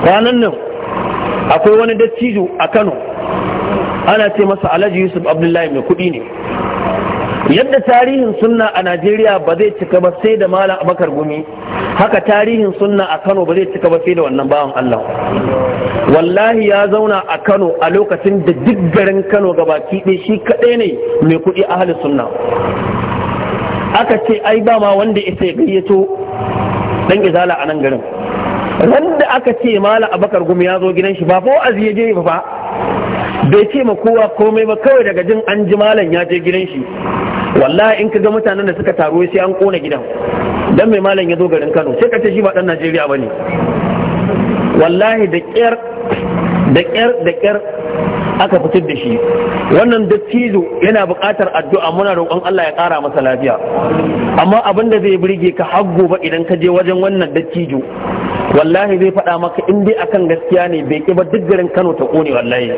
ranan nan akwai wani dattijo a Kano ana ce masa Alhaji Yusuf Abdullahi mai kuɗi ne yadda tarihin sunna a najeriya ba zai cika ba sai da malam abakar gumi haka tarihin sunna a kano ba zai cika ba sai da wannan bawan allah wallahi ya zauna a kano a lokacin da duk garin kano gabaki ɗaya shi kaɗai ne mai kuɗi a halin sunna aka ce ai ba ma wanda isa ya gayyato dan izala a nan garin Randa aka ce mala abakar gumi ya zo gidan shi ba fa wa'azi ya je ba bai ce ma kowa komai ba kawai daga jin an ji malam ya je gidan shi wallahi in ka ga mutanen da suka taro sai an kona gidan dan mai malam ya zo garin Kano sai ka ce shi ba dan Najeriya bane wallahi da kyar da kyar da kyar aka fitar da shi wannan dattijo yana buƙatar addu'a muna roƙon Allah ya ƙara masa lafiya amma abin da zai burge ka har gobe idan ka je wajen wannan dattijo wallahi zai faɗa maka in dai akan gaskiya ne bai ƙi duk garin Kano ta ƙone wallahi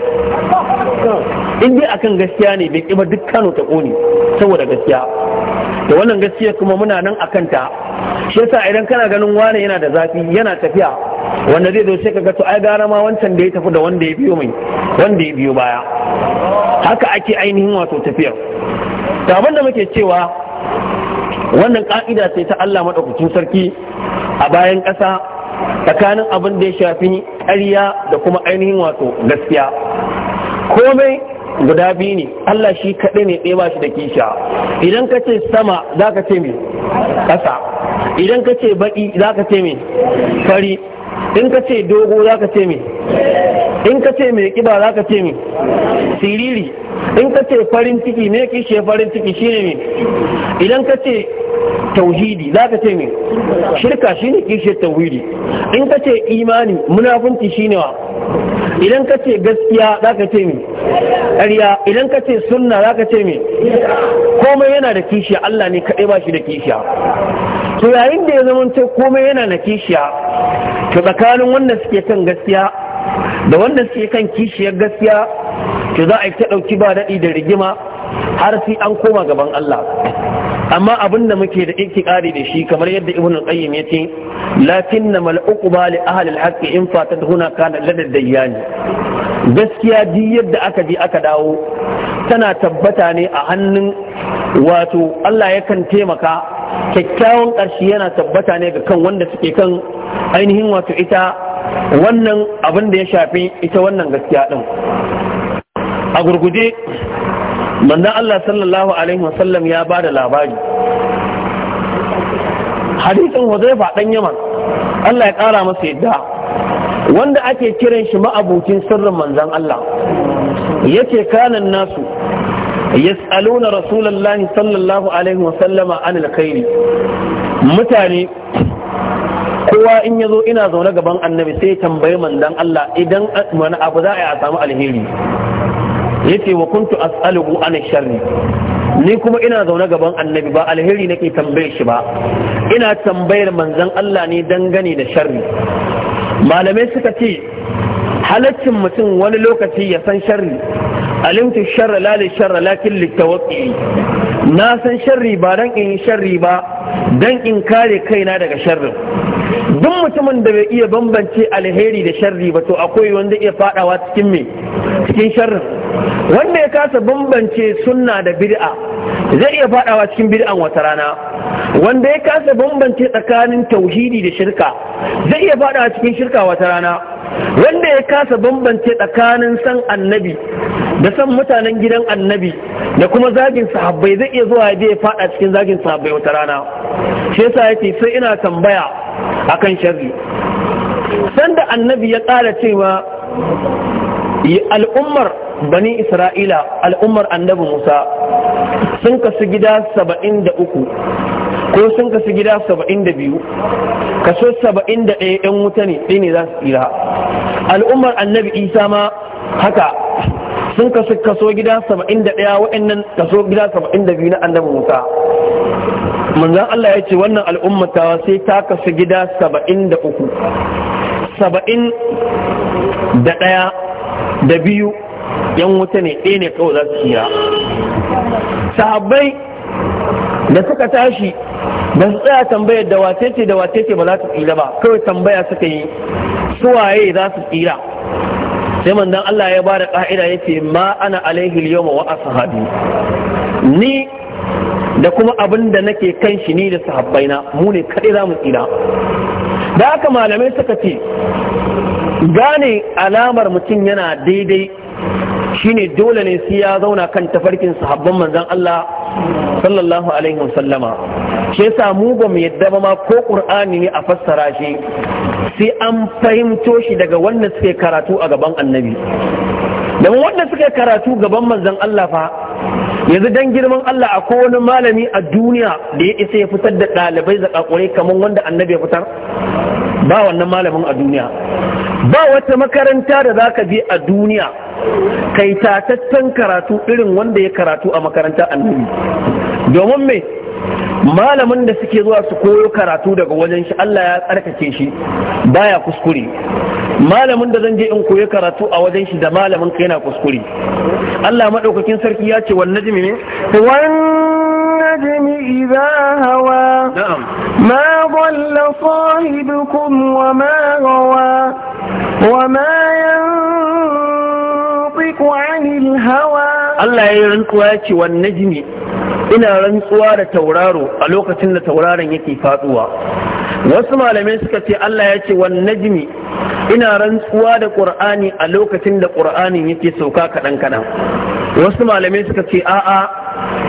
in dai akan gaskiya ne bai ƙi duk Kano ta ƙone saboda gaskiya da wannan gaskiya kuma muna nan akan ta shi yasa idan kana ganin wani yana da zafi yana tafiya wanda zai zo sai ka ga to ai gara ma wancan da ya tafi da wanda ya biyo mai wanda ya biyo biyo baya haka ake ainihin wato tafiyar da da muke cewa wannan ka'ida sai ta Allah maɗaukacin sarki a bayan ƙasa tsakanin abin da ya shafi ƙarya da kuma ainihin wato gaskiya komai guda biyu ne Allah shi kaɗai ne ɗaya ba shi da kisha idan ka ce sama za ka ce mai ƙasa idan ka ce baƙi za ka ce mai fari in ka ce dogo za ka ce me in ka ce mai kiba za ka ce me siriri in ka ce farin ciki me kishe farin ciki shine me idan ka ce tauhidi za ka ce me shirka shine kishe tauhidi in ka ce imani munafunci shine wa idan ka ce gaskiya za ka ce me ƙarya idan ka ce sunna za ka ce me komai yana da kishiya Allah ne kaɗai ba shi da kishiya to yayin da ya zamanto komai yana na kishiya to tsakanin wanda suke kan gaskiya da wanda suke kan kishiyar gaskiya to za a yi ta ɗauki ba daɗi da rigima har sai an koma gaban Allah amma abin da muke da iktikari da shi kamar yadda ibn al-qayyim yace lakin na mal'uku ba li ahli al-haqq in fatat huna kana ladad dayyani gaskiya di yadda aka je aka dawo tana tabbata ne a hannun wato Allah yakan taimaka kyakkyawan ƙarshe yana tabbata ne ga kan wanda suke kan ainihin wato ita wannan abin da ya shafi ita wannan gaskiya din a gurguje. manzan Allah sallallahu alaihi wasallam ya ba da labari hadisin Huzaifa dan Yaman Allah ya kara masa yadda wanda ake kiran shi ma'abucin sirrin manzan Allah yace kanan nasu yas'aluna rasulullahi sallallahu alaihi wasallama an alkhairi mutane kowa in ya zo ina zaune gaban annabi sai tambayi manzon Allah idan wani abu za a yi a samu alheri yace wa kuntu as'aluhu an sharri ni kuma ina zaune gaban annabi ba alheri nake tambaye shi ba ina tambayar manzon Allah ne dangane da sharri malamai suka ce halaccin mutum wani lokaci ya san sharri alimtu sharra la li lakin na san sharri ba dan in sharri ba dan in kare kaina daga sharrin duk mutumin da bai iya bambance alheri da sharri ba to akwai wanda iya fadawa cikin me cikin sharrin wanda ya kasa bambance sunna da bid'a zai iya fadawa cikin bid'an wata rana wanda ya kasa bambance tsakanin tauhidi da shirka zai iya fadawa cikin shirka wata rana wanda ya kasa bambance tsakanin san annabi da san mutanen gidan annabi da kuma zagin sahabbai zai iya zuwa ya fada cikin zagin sahabbai wata rana shi yasa yake sai ina tambaya akan sharri sanda annabi ya tsara cewa al'ummar bani isra'ila al'ummar annabi musa sun kasu gida saba'in da uku ko sun kasu gida saba'in da biyu kaso saba'in da ɗaya yan wuta ne ɗaya za su tsira al'ummar annabi isa ma haka sun kasu kaso gida saba'in da ɗaya wa'annan kaso gida saba'in da biyu na annabi musa manzan allah ya ce wannan al'ummatawa sai ta kasu gida saba'in da uku saba'in da ɗaya da biyu yan wuta ne ɗaya ne kawai za su tsira sahabbai da suka tashi ba su tsaya tambayar da wacece da wacece ba za su tsira ba kawai tambaya suka yi waye za su tsira sai manzon Allah ya bada ka'ida yace ma ana alaihi yawma wa ashabi ni da kuma abin da nake kan shi ni da sahabbaina mu ne kadai za mu tsira da haka malamai suka ce gane alamar mutum yana daidai shine dole ne sai ya zauna kan tafarkin sahabban manzon Allah sallallahu alaihi wasallama shi yasa mu ba mu yadda ba ma ko ƙur'ani ne a fassara shi sai an fahimto shi daga wanda suke karatu a gaban annabi domin wanda suke karatu gaban manzon Allah fa yanzu dan girman Allah a wani malami a duniya da ya isa ya fitar da ɗalibai zakakurai kamar wanda annabi ya fitar ba wannan malamin a duniya ba wata makaranta da zaka bi a duniya kai tataccen karatu irin wanda ya karatu a makaranta annabi domin me malamin da suke zuwa su koyo karatu daga wajen shi Allah ya tsarkake shi baya kuskure malamin da zan je in koyi karatu a wajen shi da malamin ka yana kuskure Allah madaukakin sarki ya ce wan najmi ne najmi idha hawa na'am ma dhalla sahibukum wa ma gawa wa ma yan yantiqu 'anil hawa Allah ya rantsuwa ya ce wa najmi ina rantsuwa da tauraro a lokacin da tauraron yake faduwa wasu malamai suka ce Allah ya ce wa najmi ina rantsuwa da qur'ani a lokacin da qur'anin yake sauka kadan kadan wasu malamai suka ce a'a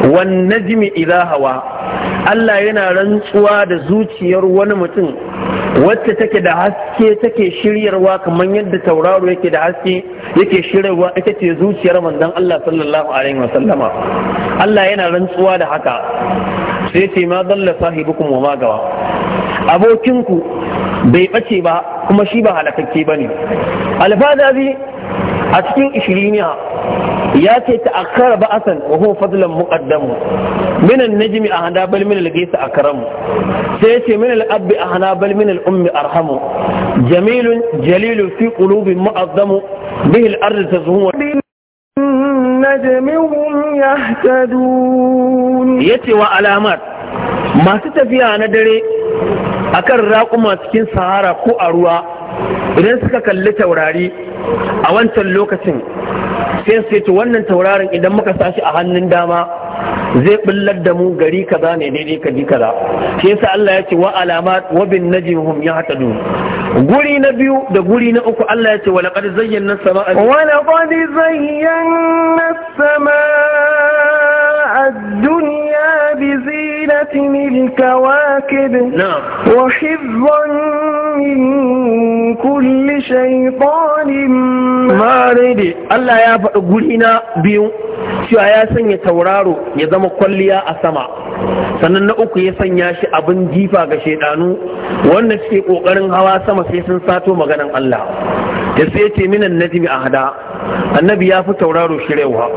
wa najmi idha hawa Allah yana rantsuwa da zuciyar wani mutum wacce take da haske take shiryarwa kamar yadda tauraro yake da haske yake shiryarwa ita ce zuciyar manzon Allah sallallahu alaihi wasallama Allah yana rantsuwa da haka sai ce ma dalla sahibukum wa ma abokinku bai bace ba kuma shi ba halakakke bane alfazazi a cikin ishiriniya ya ce ta akara ba'asan wa huwa fadlan muqaddamu min an a ahada bal min al-ghayth akramu sai ya ce min al-abbi ahana bal min al-ummi arhamu jamilun Jalilu fi qulubin mu'azzamu bihi al-ardu tazhumu najmihum yahtadun yace wa alamat masu tafiya na dare akan raƙuma cikin sahara ko a ruwa idan suka kalli taurari a wancan lokacin sai su ce wannan taurarin idan muka sashi a hannun dama zai billar da mu gari kaza ne daidai ji kaza shi sa Allah ya ce wa alamat wa bin najmihum yahtadun guri na biyu da guri na uku Allah ya ce wa laqad zayyana as-samaa wa laqad zayyana as-samaa ad-dunya bi سلسلة الكواكب نعم وحفظا من كل شيطان مارد الله يا فقولنا بيو cewa ya sanya tauraro ya zama kwalliya a sama sannan na uku ya sanya shi abin jifa ga shaidanu wanda suke kokarin hawa sama sai sun sato maganan Allah ya sai ce minan najmi ahada annabi ya fi tauraro shirewa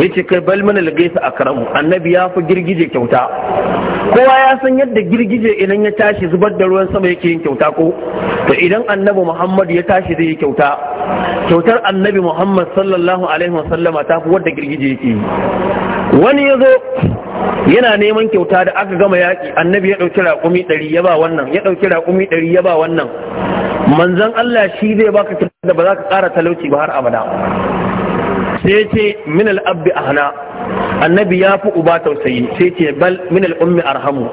ya ce kai bal mana lagaisa a karamu annabi ya fi girgije kyauta kowa ya san yadda girgije idan ya tashi zubar da ruwan sama yake yin kyauta ko to idan annabi muhammad ya tashi zai yi kyauta kyautar annabi muhammad sallallahu alaihi wasallama ta fi wadda girgije yake yi wani ya zo yana neman kyauta da aka gama yaƙi annabi ya ɗauki raƙumi ɗari ya ba wannan ya ɗauki raƙumi ɗari ya ba wannan manzan Allah shi zai baka kyauta da ba za ka ƙara talauci ba har abada sai ce min al'abbi a hana, annabi ya fi uba tausayi sai ce bal min al'ummi arhamu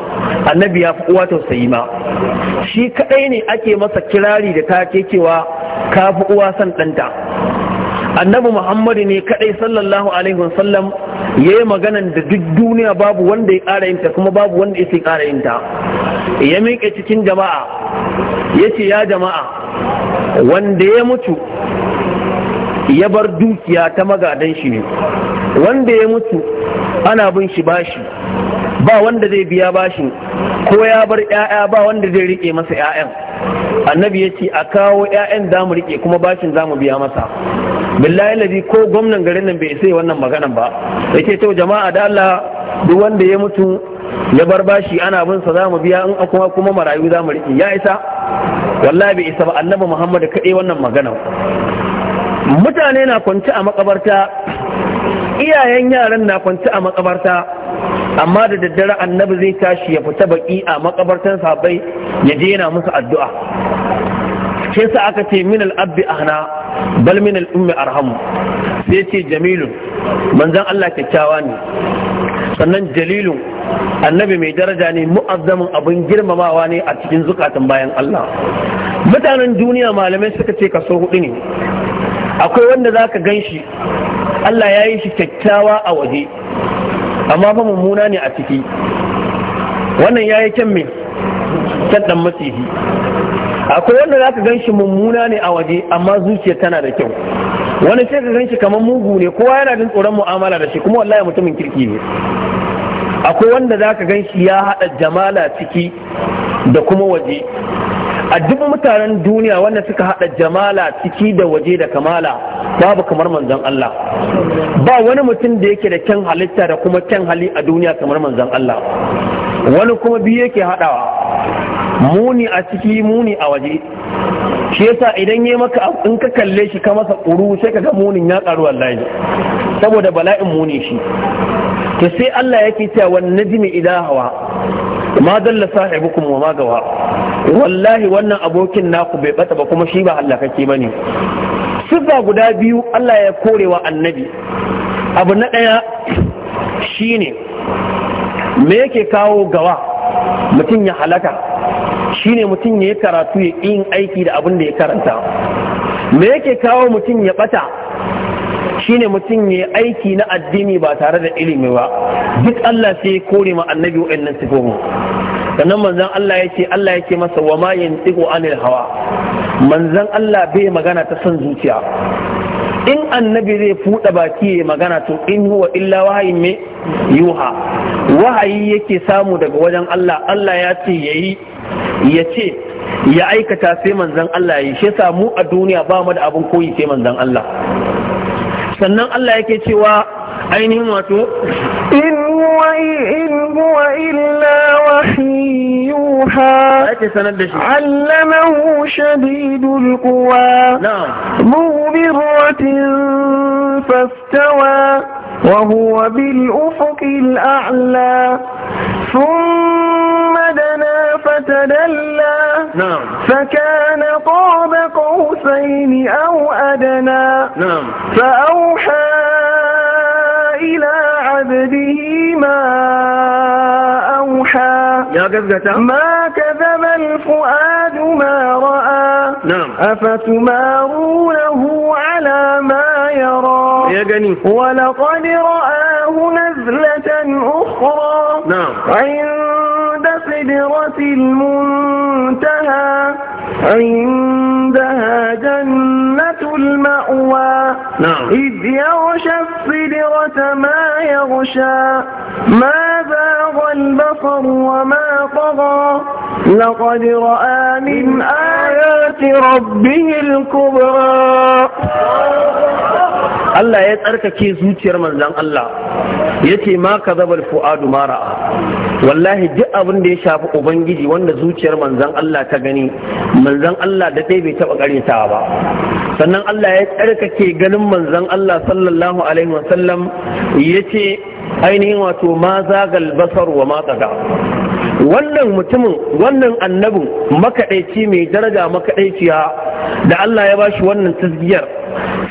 annabi ya fi uwa tausayi ma shi kaɗai ne ake masa kirari da ta cewa ka fi uwa son ɗanta annabi muhammadu ne kadai sallallahu alaihi wasallam ya yi maganan da duk duniya babu wanda ya ƙara yinta kuma babu wanda ya ƙara yinta ya miƙe cikin jama'a ya ce ya jama'a wanda ya mutu ya bar dukiya ta magadan shi ne wanda ya mutu ana bin shi bashi ba wanda zai biya bashin ko ya bar 'ya'ya ba wanda zai riƙe masa 'ya'yan annabi ya ce a kawo 'ya'yan zamu mu rike kuma bashin zamu biya masa billahi ladi ko gwamnan garin nan bai sai wannan maganan ba ya ce to jama'a da Allah duk wanda ya mutu ya bar bashi ana bin sa za biya in kuma kuma marayu zamu mu rike ya isa wallahi bai isa ba annabi Muhammad kaɗai wannan maganan mutane na kwance a makabarta iyayen yaran na kwanci a makabarta amma da daddare annabi zai tashi ya fita baki a makabartan sahabbai ya je yana musu addu'a shi sa aka ce min al ahna bal min al-ummi arhamu sai ce jamilun manzon Allah kyakkyawa ne sannan jalilun annabi mai daraja ne mu'azzamin abin girmamawa ne a cikin zukatan bayan Allah mutanen duniya malamai suka ce kaso hudu ne akwai wanda zaka ka gan Allah ya yi shi kyakkyawa a waje amma fa mummuna ne a ciki wannan ya yi kyan mai kyan dan masihi akwai wanda za ka gan shi mummuna ne a waje amma zuciya tana da kyau wani sai ka gan shi kamar mugu ne kowa yana jin tsoron mu'amala da shi kuma wallahi mutumin kirki ne akwai wanda za ka gan shi ya haɗa jamala ciki da kuma waje a duk mutanen duniya wanda suka haɗa jamala ciki da waje da kamala babu kamar manzon Allah ba wani mutum da yake da kyan halitta da kuma kyan hali a duniya kamar manzon Allah wani kuma biyu yake haɗawa muni a ciki muni a waje shi yasa idan yayi maka in ka kalle shi ka masa ƙuru sai kaga munin ya karu wallahi saboda bala'in muni shi to sai Allah yake cewa wan najmi ila hawa ma dalla sahibukum wa ma gawa wallahi wannan abokin naku bai bata ba kuma shi ba halakake bane siffa guda biyu Allah ya korewa annabi abu na ɗaya shine me yake kawo gawa mutum ya halaka shine mutum ya yi karatu ya yin aiki da abin da ya karanta me yake kawo mutum ya bata shine mutum ya yi aiki na addini ba tare da ilimi ba duk Allah sai kore ma annabi wa'annan sifofin sannan manzan Allah ya ce Allah ya ce masa wa mayin tsigo anil hawa Manzan Allah bai magana ta son zuciya in annabi zai fuɗa baki ya magana to in huwa illa wahayi me yuha wahayi yake samu daga wajen Allah Allah ya ce yayi ya ce ya aikata sai manzan Allah ya shi samu a duniya ba mu da abin koyi sai manzan Allah sannan Allah yake cewa ainihin wato in وإن هو إلا وحي يوحى آية علمه شديد القوى ذو نعم. مرة فاستوى وهو بالأفق الأعلى ثم دنا فتدلى نعم فكان طاب قوسين أو أدنى نعم فأوحى إلى عبده ما أوحى يا ما كذب الفؤاد ما رأى نعم أفتمارونه على ما يرى يا جني ولقد رآه نزلة أخرى نعم عند سدرة المنتهى عندها جنة المأوى نعم. إذ يغشى الصدرة ما يغشى ما باغ البصر وما طغى لقد رأى من آيات ربه الكبرى الله يترك كي زوتي رمضان الله يتي ما كذب الفؤاد ما رأى والله abin da ya shafi ubangiji wanda zuciyar manzon Allah ta manzon Allah da ɗaya bai taɓa ƙaryatawa ba sannan Allah ya tsarkake ganin manzon Allah sallallahu alaihi wasallam ya ce ainihin wato ma zagal basar wa ma wannan mutumin wannan annabin makaɗaici mai daraja makaɗaiciya da Allah ya bashi wannan tasgiyar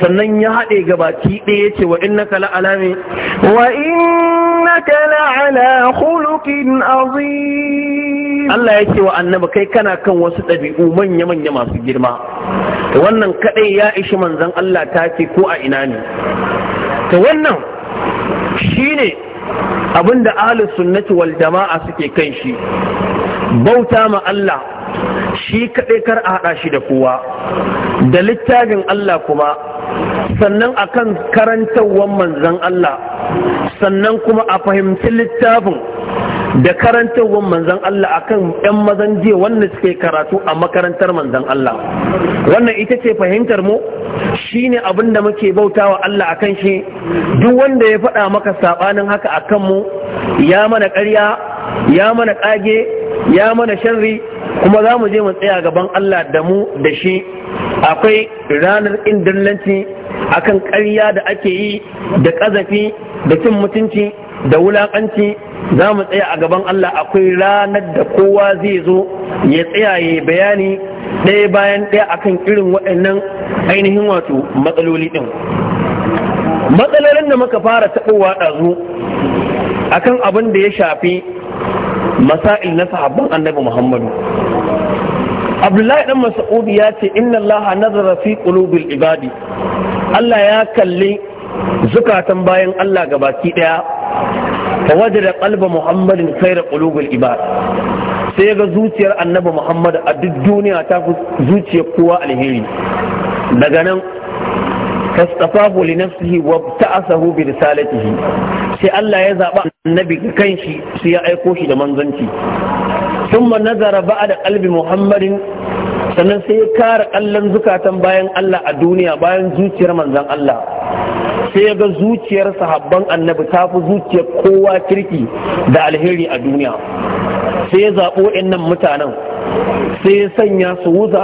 sannan ya haɗe gabaki ɗaya ce wa innaka la'ala ne wa innaka la'ala khuluqin azim Allah ya ce wa annaba kai kana kan wasu ɗabi'u manya manya masu girma wannan kaɗai ya ishi manzon Allah ta ce ko a ina ne ta wannan Shi ne abinda ahalin sunnati wal jama'a suke kan shi bauta ma Allah shi kaɗai kar a haɗa shi da kowa da littafin Allah kuma sannan akan karantawan manzan Allah sannan kuma a fahimci littafin da karantarwar manzan Allah akan yan mazan jiya wanda suke karatu a makarantar manzan Allah wannan ita ce fahimtar mu shine abin da muke bauta wa Allah akan shi duk wanda ya faɗa maka saɓanin haka akan mu ya mana ƙarya ya mana ƙage ya mana sharri kuma za mu je mu tsaya gaban Allah da mu da shi akwai ranar indillanci akan ƙarya da ake yi da ƙazafi da cin mutunci da wulakanci za mu tsaya a gaban Allah akwai ranar da kowa zai zo ya tsaya ya bayani ɗaya bayan ɗaya akan irin waɗannan ainihin wato matsaloli ɗin matsalolin da muka fara taɓowa ɗazu akan abin da ya shafi masail na sahabban annabi muhammadu abdullahi ɗan mas'ud ya ce inna allah nazara fi qulubil ibadi allah ya kalli zukatan bayan allah gabaki ɗaya. fa wajada qalba muhammadin khayra qulubil ibad sai ga zuciyar annabi muhammad a duk duniya ta fi zuciyar kowa alheri daga nan fastafahu li nafsihi wa ta'asahu bi risalatihi sai Allah ya zaba annabi ga kanshi sai ya aiko shi da manzanci thumma nazara da qalbi muhammadin sannan sai ya kara kallon zukatan bayan Allah a duniya bayan zuciyar manzon Allah sai ya ga zuciyar sahabban annabi ta fi zuciyar kowa kirki da alheri a duniya sai ya zaɓo nan mutanen sai ya sanya su wuza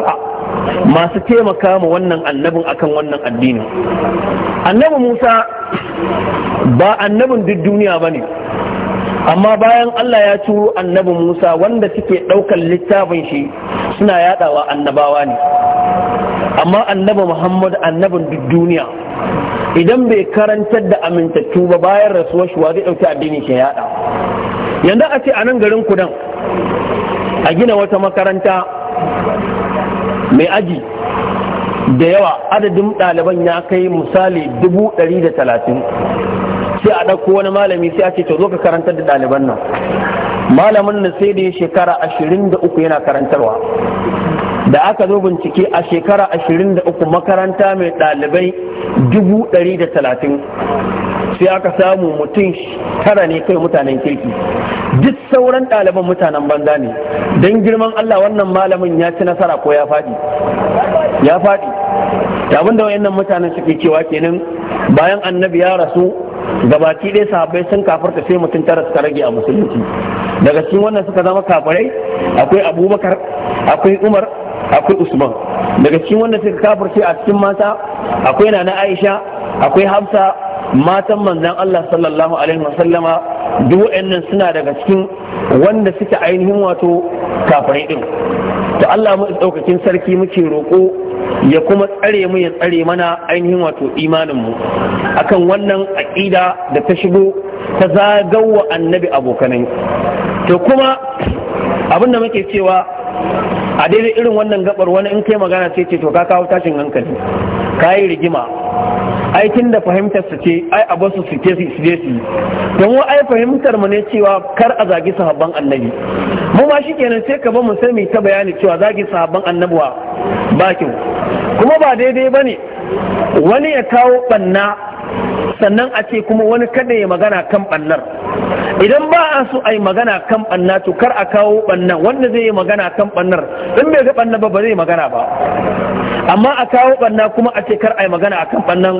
masu taimaka ma wannan annabin akan wannan addini annabi musa ba annabin duk duniya ba ne amma bayan Allah ya turo annabi Musa wanda suke ɗaukar littafin shi suna yadawa annabawa ne amma annabi Muhammad annabin duk duniya idan bai karantar da amintattu ba bayan rasuwar shi wa zai ɗauki addinin shi yada yanzu a ce a nan garin kudan a gina wata makaranta mai aji da yawa adadin ɗaliban ya kai misali dubu ɗari da talatin sai a ɗauko wani malami sai a ce to zo ka karantar da ɗaliban nan malamin nan sai da ya shekara ashirin da uku yana karantarwa da aka zo bincike a shekara ashirin da uku makaranta mai ɗalibai dubu ɗari da talatin sai aka samu mutum tara ne kai mutanen kirki duk sauran ɗaliban mutanen banza ne don girman Allah wannan malamin ya ci nasara ko ya faɗi ya faɗi Da da wayannan mutanen suke cewa kenan bayan annabi ya rasu gabaki ɗaya sahabbai sun kafarta sai mutum tara suka rage a musulunci daga cikin wannan suka zama kafirai akwai abubakar akwai umar akwai usman daga cikin wannan suka kafarce a cikin mata akwai nana aisha akwai hamsa matan manzan Allah sallallahu alaihi wasallama duk waɗannan suna daga cikin wanda suke ainihin wato kafirai din to Allah mu daukakin sarki muke roƙo ya kuma tsare mu ya tsare mana ainihin wato imanin mu akan wannan aqida da ta shigo ta zagawa annabi abokanai to kuma abin da muke cewa a daidai irin wannan gabar wani in kai magana sai ce to ka kawo tashin hankali kayi rigima aikin da fahimtar su ce ai a basu su ke su je su don wa ai fahimtar mu ne cewa kar a zagi sahabban annabi mu ma shi kenan sai ka ba mu sai ta bayani cewa zagi sahabban annabuwa ba kyau kuma ba daidai bane wani ya kawo banna sannan a ce kuma wani kada ya magana kan ɓannar idan ba a so a yi magana kan ɓanna to kar a kawo ɓanna wanda zai yi magana kan ɓannar in bai ga ɓanna ba ba zai magana ba amma a kawo ɓanna kuma a ce kar a yi magana a kan ɓannan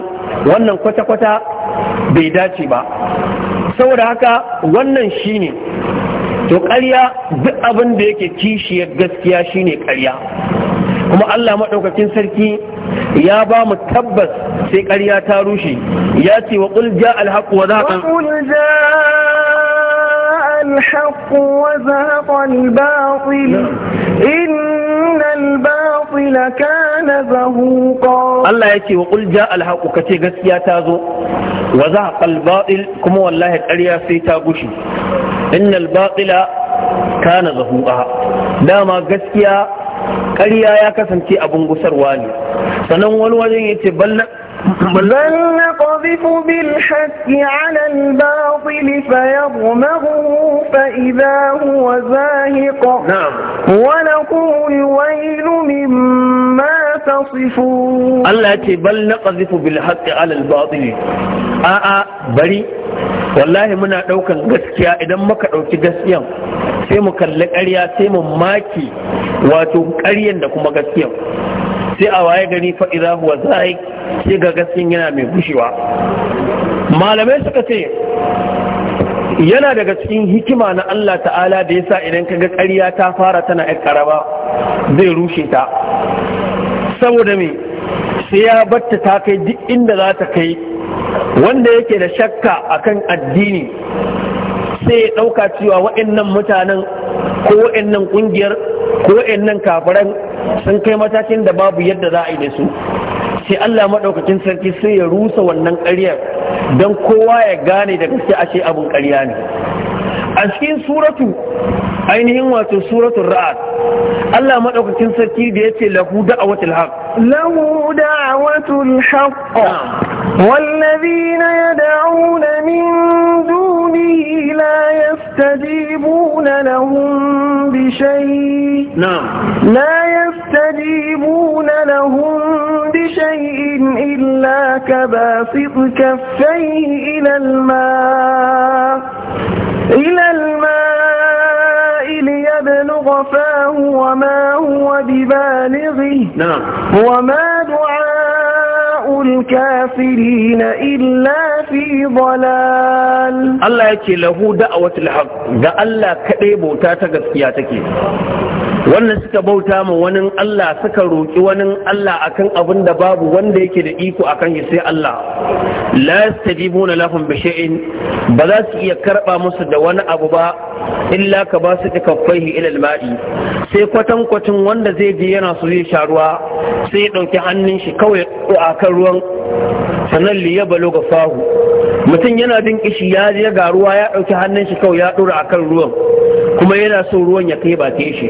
wannan kwata-kwata bai dace ba saboda haka wannan shine to ƙarya duk abin da yake kishiyar gaskiya shine ƙarya kuma Allah maɗaukakin sarki ya ba mu tabbas sai ƙarya ta rushe ya ce wa ƙul ja alhaƙu wa zaƙa الحق وزهق الباطل إن الباطل كان زهوقا الله يتي وقل جاء الحق كتي قسيا تازو وزهق الباطل كما والله الأريا سيتاقوشي إن الباطل kana zahuqa dama gaskiya ƙarya ya kasance abin gusarwa ne sannan wani wajen ya ce بل نقذف بالحق على الباطل فيضمغه فإذا هو زاهق نعم ونقول ويل مما تصفون الله يتي بل نقذف بالحق على الباطل آآ بري wallahi muna ɗaukan gaskiya idan muka ɗauki gaskiyan sai mu kalli ƙarya sai mu maki wato ƙaryan da kuma gaskiyan sai a waye gani fa'iza huwa zai sai ga gaskiyan yana mai gushewa malamai suka ce yana daga cikin hikima na Allah ta'ala da yasa idan kaga ga ƙarya ta fara tana ƴar ƙaraba zai rushe ta saboda me sai ya batta ta kai duk inda za ta kai wanda yake da shakka akan addini sai ya ɗauka cewa waɗannan mutanen ko waɗannan ƙungiyar ko waɗannan kafiran sun kai matakin da babu yadda za a yi da su sai Allah maɗaukacin sarki sai ya rusa wannan ƙaryar don kowa ya gane da gaske ashe abin ƙarya ne a cikin suratu ainihin wato suratun ra'ad Allah maɗaukacin sarki da yace lahu da'watul haq lahu da'watul ya wallazina yad'una min دونه لا يستجيبون لهم بشيء نعم لا يستجيبون لهم بشيء إلا كباسط كفيه إلى الماء إلى الماء ليبلغ فاه وما هو ببالغه نعم وما دعاه الكافرين إلا في ضلال الله يكي له دعوة الحق ده الله كأي بوتا تقف wannan suka bauta ma wani Allah suka roƙi wani Allah akan abin da babu wanda yake da iko akan shi sai Allah la yastajibuna lahum bi shay'in ba za su iya karba musu da wani abu ba illa ka ba su takaffaihi ila al-ma'i sai kwatan kwatin wanda zai je yana so zai sha ruwa sai ya dauki hannun shi kawai akan ruwan sanan li ga fahu mutum yana jin kishi ya je ga ruwa ya dauki hannun shi kawai ya dora akan ruwan kuma yana so ruwan ya kai ba shi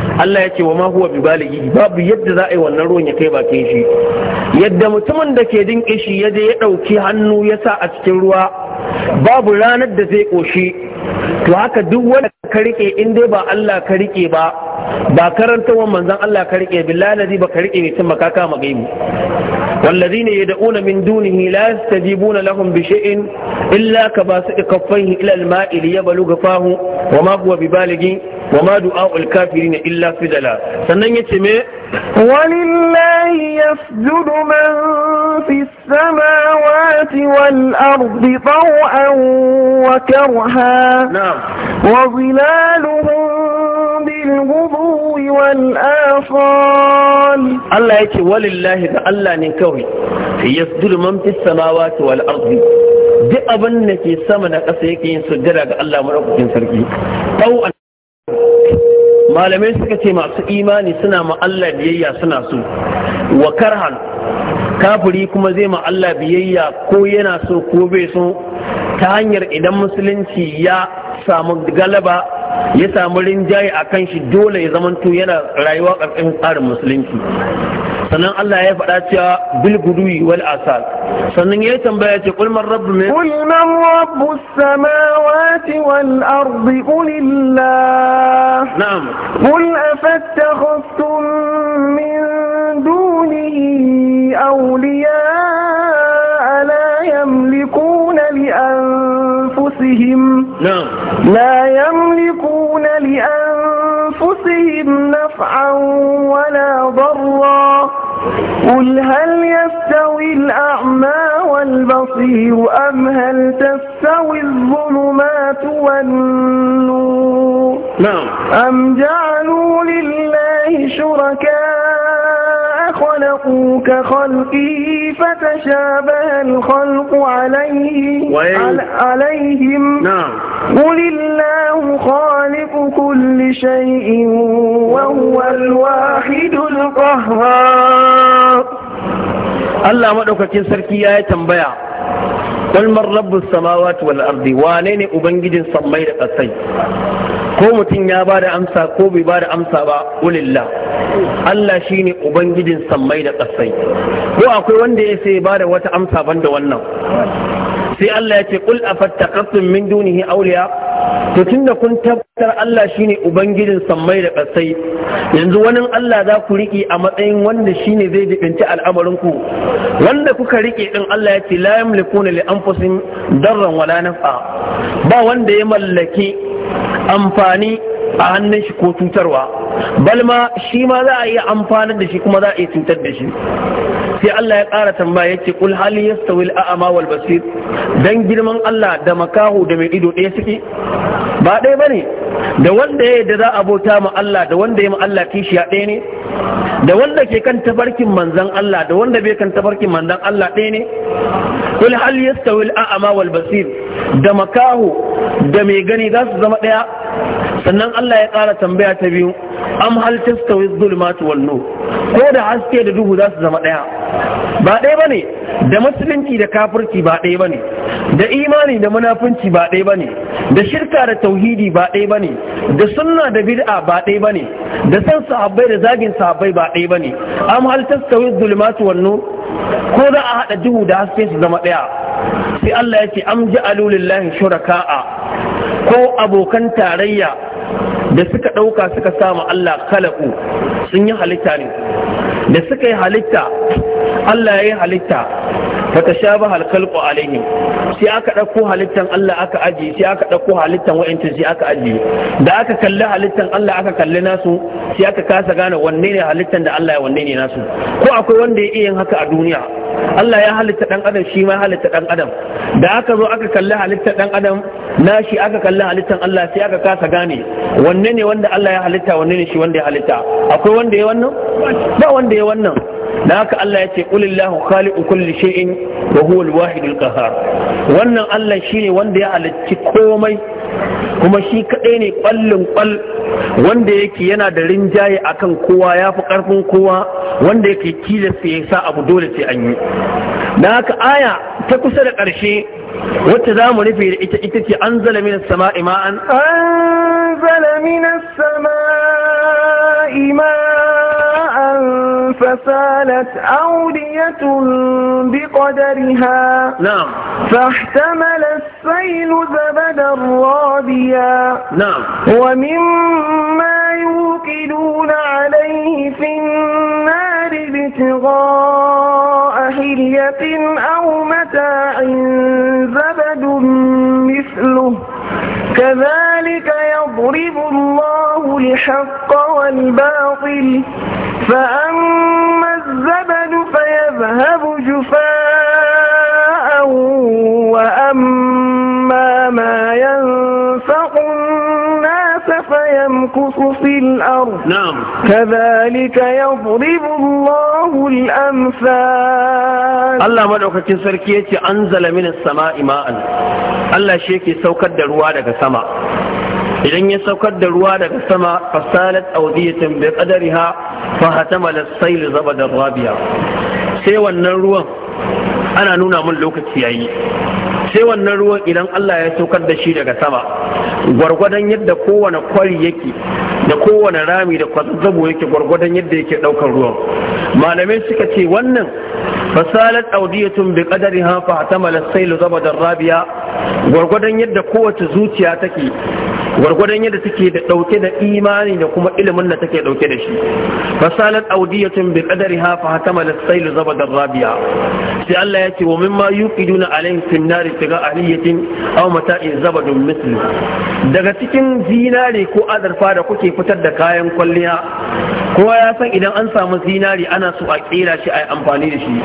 Allah ya ce wa ma huwa bi balighi babu yadda za a yi wannan ruwan ya kai bakin shi yadda mutumin da ke jin kishi ya je ya dauki hannu ya sa a cikin ruwa babu ranar da zai koshi to haka duk wanda ka rike in dai ba Allah ka rike ba ba karantawan manzon Allah ka rike billahi ba ka rike ne ba ka kama gaibu والذين يدعون من دونه لا يستجيبون لهم بشيء إلا كباسط كفيه إلى الماء ليبلغ فاه وما هو ببالغ وما دعاء الكافرين إلا illa fidala sannan yace me walillahi yasjudu man fis samawati wal ardi taw'an wa karha wa zilaluhum bil ghudwi wal asal Allah yace walillahi da Allah ne kawai yasjudu man fis samawati wal ardi duk abin da ke sama na ƙasa yake yin sujjada ga Allah madaukakin sarki tau malamai suka ce masu imani suna ma Allah biyayya suna so wa karhan kafiri kuma zai ma Allah biyayya ko yana so ko bai so ta hanyar idan musulunci ya samu galaba ya samu rinjaye a kan shi dole ya zama zamanto yana rayuwa ƙarƙashin tsarin musulunci sannan Allah ya faɗa cewa bil gudui wal asal sannan ya tambaya ce man rabbu ne man rabbu samawati wal ardi ulillah na'am qul afattakhtum min dunihi awliya la yamlikuna li anfusihim na'am la yamlikuna ولا ضرا قل هل يستوي الأعمى والبصير أم هل تستوي الظلمات والنور نعم. أم جعلوا لله شركات خلقوك كخلقه فتشابه الخلق عليه عليهم نعم قل الله خالق كل شيء وهو الواحد القهار Allah maɗaukakin sarki ya yi tambaya kalmar rabbus samawati wal ardi wane ne ubangijin sammai da ƙasai ko mutum ya ba da amsa ko bai ba da amsa ba ulillah Allah shine ubangijin sammai da ƙasai ko akwai wanda ya sai ba da wata amsa banda wannan sai Allah ya ce kul afattaqtum min dunihi awliya to tunda kun tabbatar Allah shine ubangijin sammai da ƙasai yanzu wani Allah za ku riƙe a matsayin wanda shine zai dibinci al'amarin ku wanda kuka riƙe din Allah ya ce la yamlikuna li anfusihim darran wala naf'a ba wanda ya mallaki amfani a hannun shi ko cutarwa balma shi ma za a iya amfanar da shi kuma za a iya cutar da shi sai Allah ya ƙara tambaya yace kul hal yastawi al-a'ma wal basir dan girman Allah da makaho da mai ido ɗaya suke ba ɗaya bane da wanda ya da za a bauta ma Allah da wanda ya ma Allah kishiya ɗaya ne da wanda ke kan tabarkin manzan Allah da wanda bai kan tabarkin manzan Allah ɗaya ne kul hal yastawi al-a'ma wal basir da makaho da mai gani za su zama ɗaya sannan Allah ya ƙara tambaya ta biyu am hal tastawi zulmatu wal nur ko da haske da duhu za su zama ɗaya ba ɗaya bane da musulunci da kafirci ba ɗaya bane da imani da munafunci ba ɗaya bane da shirka da tauhidi ba ɗaya bane da sunna da bid'a ba ɗaya bane da san sahabbai da zagin sahabbai ba ɗaya bane am hal tastawi zulmatu wal nur ko za a haɗa duhu da haske su zama ɗaya sai Allah ya ce am ja'alu lillahi shuraka'a ko abokan tarayya da suka ɗauka suka samu Allah kalaku sun yi halitta ne da suka yi halitta Allah ya yi halitta fata sha ba halkalku alaihim sai aka ɗauko halittan Allah aka aji sai aka ɗauko halittan wa'inta sai aka aji da aka kalli halittan Allah aka kalli nasu sai aka kasa gane wanne ne halittan da Allah ya wanne ne nasu ko akwai wanda ya iya yin haka a duniya Allah ya halitta ɗan adam shi ma halitta ɗan adam da aka zo aka kalli halitta ɗan adam Na shi aka kalli halittan Allah sai aka kasa gane wanne ne wanda Allah ya halitta wanne ne shi wanda ya halitta akwai wanda ya wannan ba wanda ya wannan da haka Allah ya ce qulillahu khaliqu kulli shay'in wa huwa al-wahid al-qahhar wannan Allah shine wanda ya halicci komai kuma shi kadai ne ƙwallin ƙwal wanda yake yana da rinjaye akan kowa ya fi ƙarfin kowa wanda yake tilasta ya sa abu dole sai an yi da haka aya ta kusa da ƙarshe wacce za mu rufe ita ita ce an zala min sama'i ma'an an zala min sama'i ma'an fasalat awdiyatun biqadariha na'am fahtamala as-sayl zabadan radiya na'am wa mimma yuqiduna alayhi fi an الثمر ابتغاء حلية أو متاع زبد مثله كذلك يضرب الله الحق والباطل فأما الزبد فيذهب جفاء يمكث في الأرض نعم كذلك يضرب الله الأمثال الله مدعوك سركيتي أنزل من السماء ماء الله شيكي سوكد روادك سماء idan ya saukar da ruwa daga sama fasalat audiyatin bi qadariha fa hatamala sayl zabada rabiya sai wannan ruwan ana nuna mun lokaci yayi sai wannan ruwan idan Allah ya saukar da shi daga sama gwargwadon yadda kowane kwari yake da kowane rami da kwazazzabo yake gwargwadon yadda yake daukar ruwan malamai suka ce wannan fasalat audiyatun bi qadariha fa hatamala sailu zabadar rabiya gwargwadon yadda kowace zuciya take gwargwadon yadda take da dauke da imani da kuma ilimin da take dauke da shi fasalat audiyatun bi qadariha fa hatama sayl zabad rabi'a sai Allah yake wa mimma yuqiduna alayhi fi nar tiga aliyatin aw mata'i zabadun mithlu daga cikin zinare ko azarfa da kuke fitar da kayan kwalliya kowa ya san idan an samu zinare ana so a kera shi a yi amfani da shi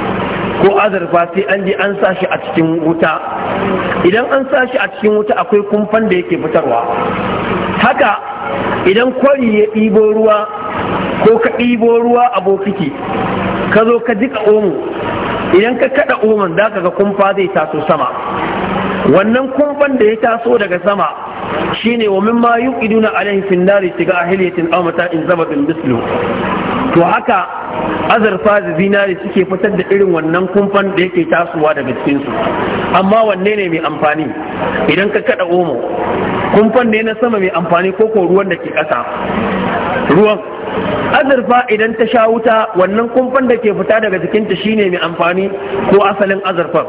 ko azurfa sai an je an sa a cikin wuta idan an sa shi a cikin wuta akwai kumfan da yake fitarwa haka idan kwari ya ɗibo ruwa ko ka ɗibo ruwa a bokiti ka zo ka jika omo idan ka kada oman za ka ga kumfa zai taso sama wannan kumfan da ya taso daga sama shine wa mimma yuqiduna alaihi fi nari tiga ahliyatin in zaba ɗin mislu to haka azurfa da zinari suke fitar da irin wannan kumfan da yake tasowa daga cikinsu amma wanne ne mai amfani idan ka kada omo kumfan ne na sama mai amfani ko ko ruwan da ke kasa ruwan azurfa idan ta sha wuta wannan kumfan da ke fita daga jikinta shine mai amfani ko asalin azurfa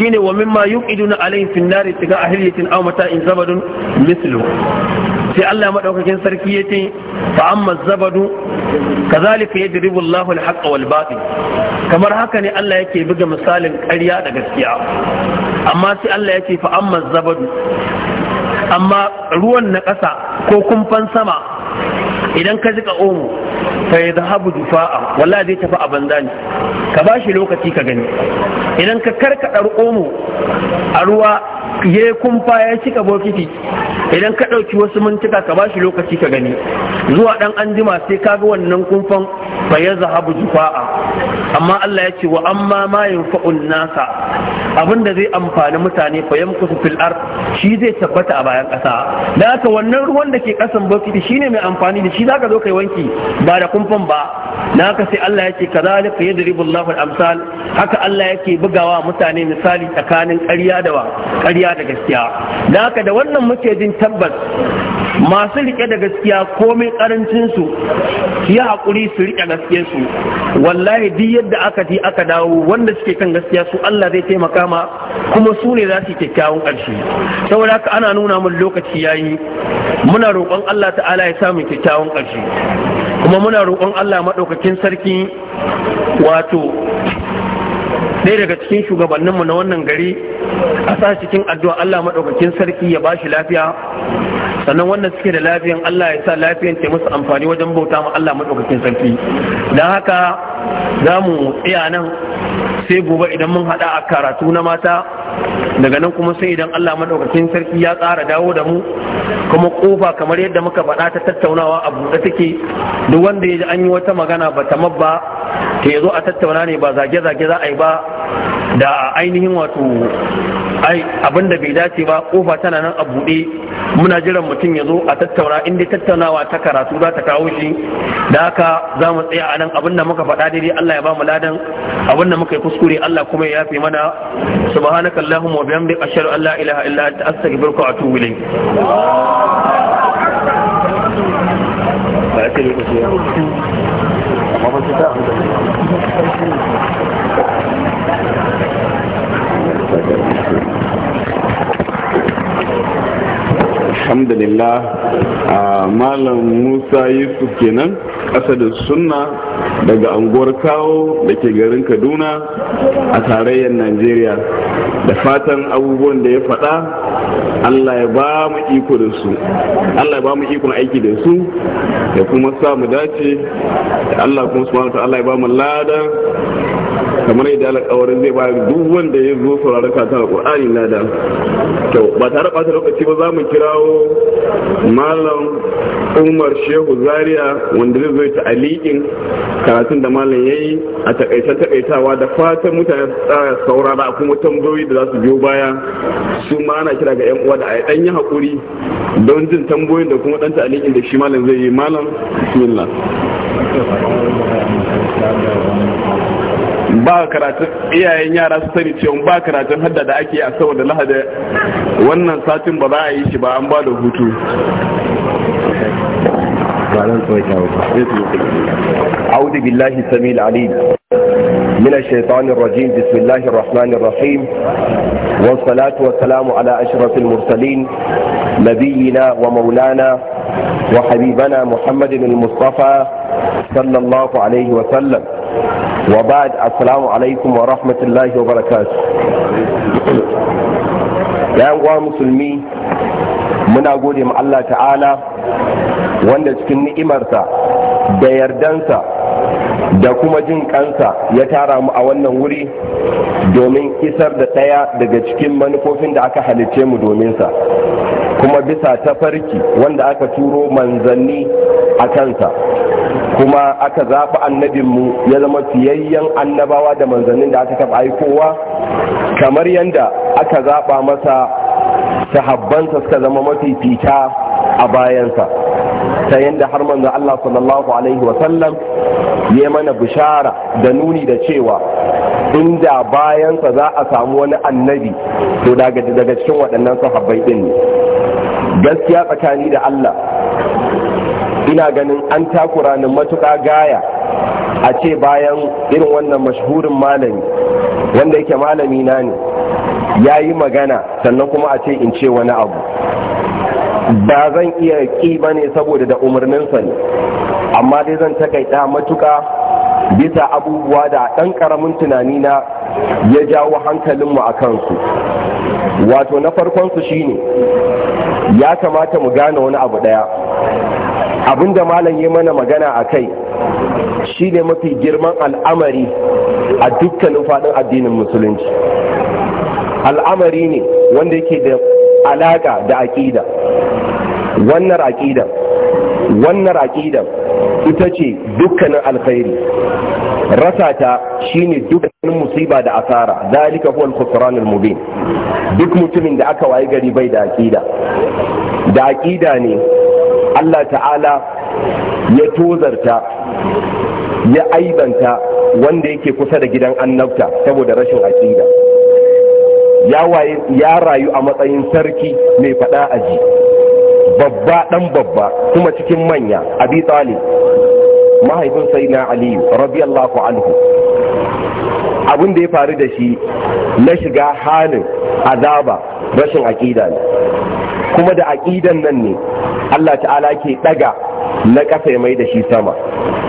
shine wa mimma yuqiduna alayhi fi nari tiga ahliyatin aw mata'in zabadun mislu sai Allah madaukakin sarki yace fa amma zabadu kazalika yadribu Allahu al-haqq wal batil kamar haka ne Allah yake buga misalin ƙarya da gaskiya amma sai Allah yace fa amma zabadu amma ruwan na ƙasa ko kumfan sama idan ka zika omo fa ya zahabu dufa'a wallahi zai tafi a banza ne ka ba shi lokaci ka gani idan ka karkaɗa omo a ruwa ya kumfa ya cika bokiti idan ka ɗauki wasu mintuka ka ba shi lokaci ka gani zuwa ɗan anjima sai ka ga wannan kumfan fa ya zahabu dufa'a amma Allah ya ce wa amma ma fa'un nasa abinda zai amfani mutane fa yamkusu fil ard shi zai tabbata a bayan ƙasa da haka wannan ruwan da ke ƙasan bokiti shine mai amfani da shi zaka zo kai wanki ba da kumfan ba na haka sai Allah yake kazalika yadribu Allahu al-amsal haka Allah yake bugawa mutane misali tsakanin ƙarya da wa ƙarya da gaskiya dan haka da wannan muke jin tabbas masu rike da gaskiya komai karancin su ya hakuri su rike gaskiyar su wallahi duk yadda aka ji aka dawo wanda suke kan gaskiya su Allah zai taimaka ma kuma su ne za su kyakkyawan karshe saboda haka ana nuna mun lokaci yayi muna roƙon Allah ta'ala ya samu mu kyakkyawan ƙarshe kuma muna roƙon Allah maɗaukakin sarki wato ɗaya daga cikin shugabanninmu na wannan gari a sa cikin addu'a Allah madaukakin sarki ya ba shi lafiya sannan wannan suke da lafiyan Allah ya sa lafiyan ta musu amfani wajen bauta ma Allah madaukakin sarki dan haka za mu tsaya nan sai gobe idan mun hada a karatu na mata daga nan kuma sai idan Allah madaukakin sarki ya tsara dawo da mu kuma kofa kamar yadda muka faɗa ta tattaunawa a buɗe take duk wanda ya ji an yi wata magana ba ta mabba ta yazo a tattauna ne ba zage-zage za a yi ba da ainihin wato ai abin da bai dace ba kofa tana nan a buɗe muna jiran mutum ya zo a tattauna inda tattaunawa ta karatu za ta kawo shi da haka za mu tsaya a nan abin da muka faɗa daidai Allah ya ba mu ladan abin da muka yi kuskure Allah kuma ya yafe mana subhanaka allahumma wa bihamdika ashhadu an la ilaha illa anta astaghfiruka wa atubu ilayk Thank you. alhamdulillah malam musa yusuf kenan ƙasa sunna daga anguwar kawo da ke garin kaduna a tarayyar najeriya da fatan abubuwan da ya faɗa allah ya ba mu iko da su allah ya ba mu ikon aiki da su ya kuma samu mu dace da allah kuma subhanahu wa ta'ala ya ba mu lada kamar yadda alƙawarin zai ba duk wanda ya zo sauraron karatun alƙur'ani na da kyau ba tare ɓata lokaci ba za mu kirawo malam umar shehu zaria wanda zai zo ta aliƙin karatun da malam ya yi a taƙaita taƙaitawa da fatan mutane su tsara a kuma tambayoyi da za su biyo baya su ma ana kira ga yan uwa da a ɗan yi haƙuri don jin tambayoyin da kuma ɗan ta aliƙin da shi malam zai yi malam bismillah ba karatun iyayen yara su sani cewa ba karatun hadda da ake a saboda lahadi wannan satin ba za a yi shi ba an ba da hutu أعوذ بالله السميع العليم من الشيطان الرجيم بسم الله الرحمن الرحيم والصلاة والسلام على أشرف المرسلين نبينا ومولانا وحبيبنا محمد المصطفى صلى الله عليه وسلم وبعد السلام عليكم ورحمة الله وبركاته يا أنواع مسلمي muna gode ma Allah ta'ala wanda cikin ni'imarsa da yardansa da kuma jin kansa ya tara mu a wannan wuri domin isar da ɗaya daga cikin manufofin da aka halice mu dominsa kuma bisa tafarki wanda aka turo manzanni a kansa kuma aka zaɓi annabinmu ya zama fiyayyen annabawa da manzannin da aka taɓa aikowa kamar yadda aka zaɓa masa sahabbansa suka zama mafi fita a bayansa ta yadda har manzo Allah sallallahu alaihi wa ya mana bishara da nuni da cewa inda bayansa za a samu wani annabi to daga daga cikin waɗannan sahabbai din ne gaskiya tsakani da Allah ina ganin an takura ni matuƙa gaya a ce bayan irin wannan mashhurin malami wanda yake malami na ne ya yi magana sannan kuma a ce in ce wani abu ba zan iya ki ba ne saboda da umarninsa ne amma dai zan takaita matuƙa bisa abubuwa da ɗan ƙaramin tunani na ya jawo hankalinmu a kansu wato na farkon farkonsu shine ya kamata mu gane wani abu ɗaya abinda malam ya mana magana a kai shi ne mafi girman al'amari a dukkanin faɗin addinin musulunci al'amari ne wanda yake da alaƙa da aƙida wannan aqidan wannan aqidan ita ce dukkanin alkhairi rasa ta shine dukkanin musiba da asara dalika huwa al-khusran al-mubin duk mutumin da aka waye gari bai da aqida da aqida ne Allah ta'ala ya tozarta ya aibanta wanda yake kusa da gidan annabta saboda rashin aqida ya rayu a matsayin sarki mai fada aji babba dan babba kuma cikin manya abi talib mahaifin sai na ali radiyallahu anhu abin da ya faru da shi na shiga halin azaba rashin aƙida ne kuma da aƙidan nan ne Allah ta'ala ke ɗaga na kasa mai da shi sama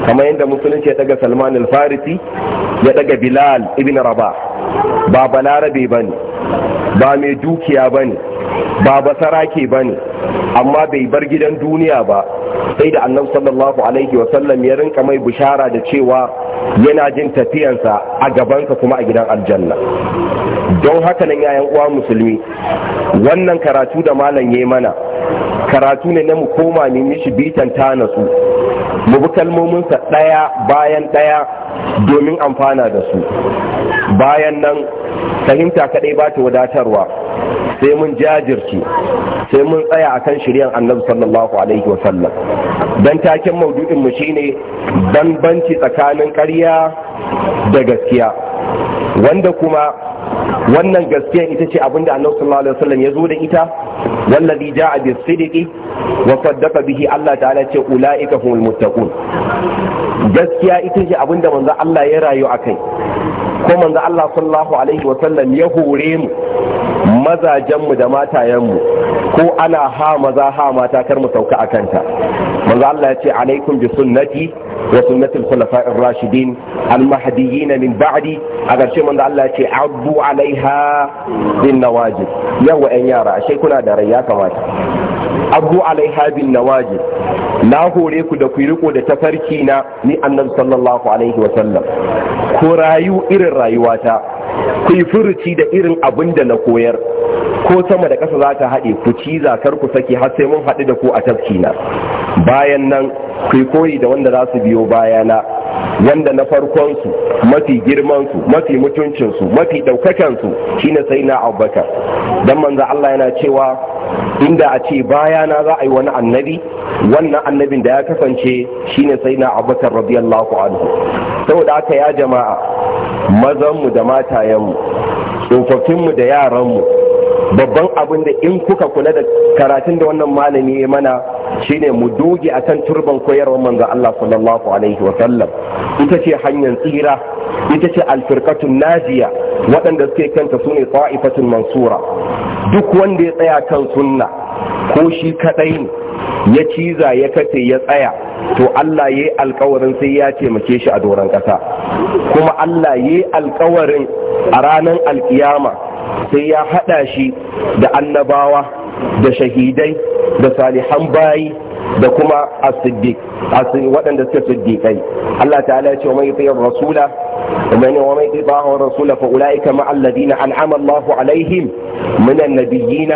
kamar yadda musulunci ya daga Salman al-Farisi ya ɗaga Bilal ibn Rabah ba balarabe ne. ba mai dukiya ba ne ba basarake ba ne amma bai bar gidan duniya ba sai da annabi sallallahu alaihi wasallam ya rinka mai bishara da cewa yana jin tafiyansa a gabansa kuma a gidan aljanna don haka nan yayan uwa musulmi wannan karatu da malam ya mana karatu ne na mu koma ne mishi bitan ta su, mu bi kalmominsa ɗaya bayan ɗaya domin amfana da su bayan nan fahimta kadai ba ta wadatarwa sai mun jajirce sai mun tsaya akan shiryan annabi sallallahu alaihi wasallam dan taken maudu'in mu shine bambanci tsakanin ƙarya da gaskiya wanda kuma wannan gaskiya ita ce abinda annabi sallallahu alaihi wasallam ya zo da ita wallazi ja'a bis sidiqi wa saddaqa bihi Allah ta'ala ce ulaika humul muttaqun gaskiya ita ce abinda manzo Allah ya rayu akai ko manzo Allah sallallahu alaihi wa sallam ya hore mu mazajen mu da matayen mu ko ana ha maza ha mata kar mu sauka akanta manzo Allah ya ce alaikum bi sunnati wa sunnatul khulafa'ir rashidin al mahdiyyin min ba'di a garshe manzo Allah ya ce abdu alaiha bin nawajib yawa 'yan yara ashe kuna da rai ya kamata abu Alaihabin na waje na hore ku da ku riko da tafarki na ni annabi sallallahu alaihi wa ku rayu irin rayuwata ku yi furuci da irin abin da na koyar ko sama da ƙasa za ta haɗe ku ci zakar ku saki har sai mun haɗu da ku a tafki na bayan nan ku yi koyi da wanda za su biyo bayana Yanda na farkon su mafi girman su mafi mutuncin su mafi daukakan su shine sai na abubakar dan manzo Allah yana cewa inda a ce baya na za a yi wani annabi wannan annabin da ya kasance shine sai na abubakar radiyallahu anhu saboda haka ya jama'a mazanmu da matayenmu tsofaffinmu da yaranmu babban abin da in kuka kula da karatun da wannan malami ya mana shine mu doge akan turban koyarwar manzo Allah sallallahu alaihi wa sallam ita ce hanyar tsira ita ce alfirqatun najiya waɗanda suke kanta sune ta'ifatun mansura duk wanda ya tsaya kan sunna ko shi kadai ne ya ciza ya kace ya tsaya to Allah yi alkawarin sai ya taimake shi a doron ƙasa kuma Allah yi alkawarin a ranar alkiyama sai ya haɗa shi da annabawa da shahidai da salihan bayi da kuma as-siddiq waɗanda suka siddiqai Allah ta'ala ya ce wa mai tsayin rasula ومن ومن يطاع الرسول فاولئك مع الذين انعم الله عليهم من النبيين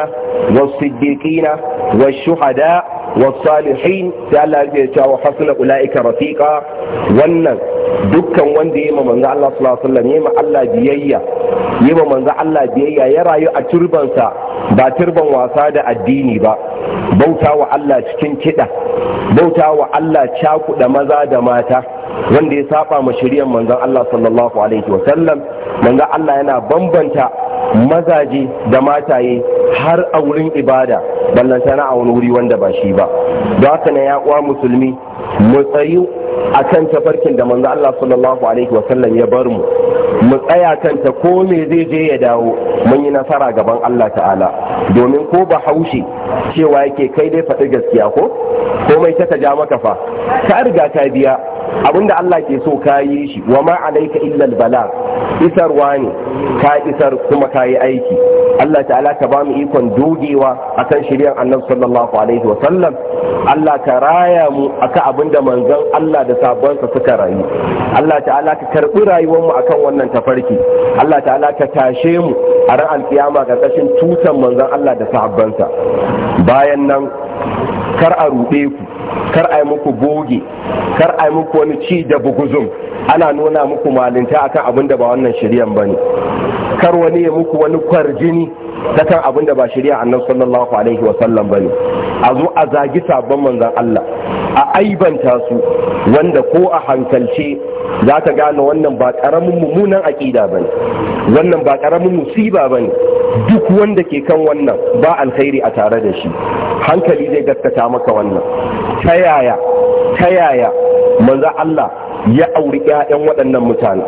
والصديقين والشهداء والصالحين تعالى وحسن اولئك رفيقا wannan dukkan wanda ya yi manzo Allah sallallahu alaihi wasallam ya yi Allah biyayya ya manzo Allah biyayya ya rayu a turbansa ba turban wasa da addini ba bauta wa Allah cikin kiɗa bauta wa Allah cakuɗa maza da mata wanda ya saba ma shiryan manzon Allah sallallahu alaihi wa sallam manzon Allah yana bambanta mazaje da mataye har a wurin ibada ballantana a wani wuri wanda ba shi ba don haka na ya uwa musulmi mu tsayu a kan tafarkin da manzo Allah sallallahu alaihi ya bar mu mu tsaya kanta ko me zai je ya dawo mun yi nasara gaban Allah ta'ala domin ko ba haushi cewa yake kai dai faɗi gaskiya ko komai ta ta ja maka fa ka riga ka biya abinda Allah ke so ka yi shi wa ma alaika illa bala isarwa ne ka isar kuma ka yi aiki Allah ta'ala ka ba mu ikon dogewa akan shiryan annabi sallallahu alaihi wa sallam Allah ka raya mu akan abinda manzon Allah da sabonsa suka rayu Allah ta'ala ka karbi rayuwar mu akan wannan tafarki Allah ta'ala ka tashe mu a ran alkiyama karkashin tutan manzon Allah da sahabbansa bayan nan kar a ruɗe ku kar a yi muku goge, kar a yi muku wani ci da buguzum ana nuna muku malinta akan abin da ba wannan shiryan ba ne kar wani ya muku wani kwarjini ta kan abin da ba shari'a annan sallallahu alaihi wasallam ba ne a zo a zagi sabon manzan Allah a aibanta su wanda ko a hankalce za ka gane wannan ba ƙaramin mummunan aƙida ba ne wannan ba ƙaramin musiba ba ne duk wanda ke kan wannan ba alkhairi a tare da shi hankali zai gaskata maka wannan ta yaya ta Allah ya auri 'ya'yan waɗannan mutane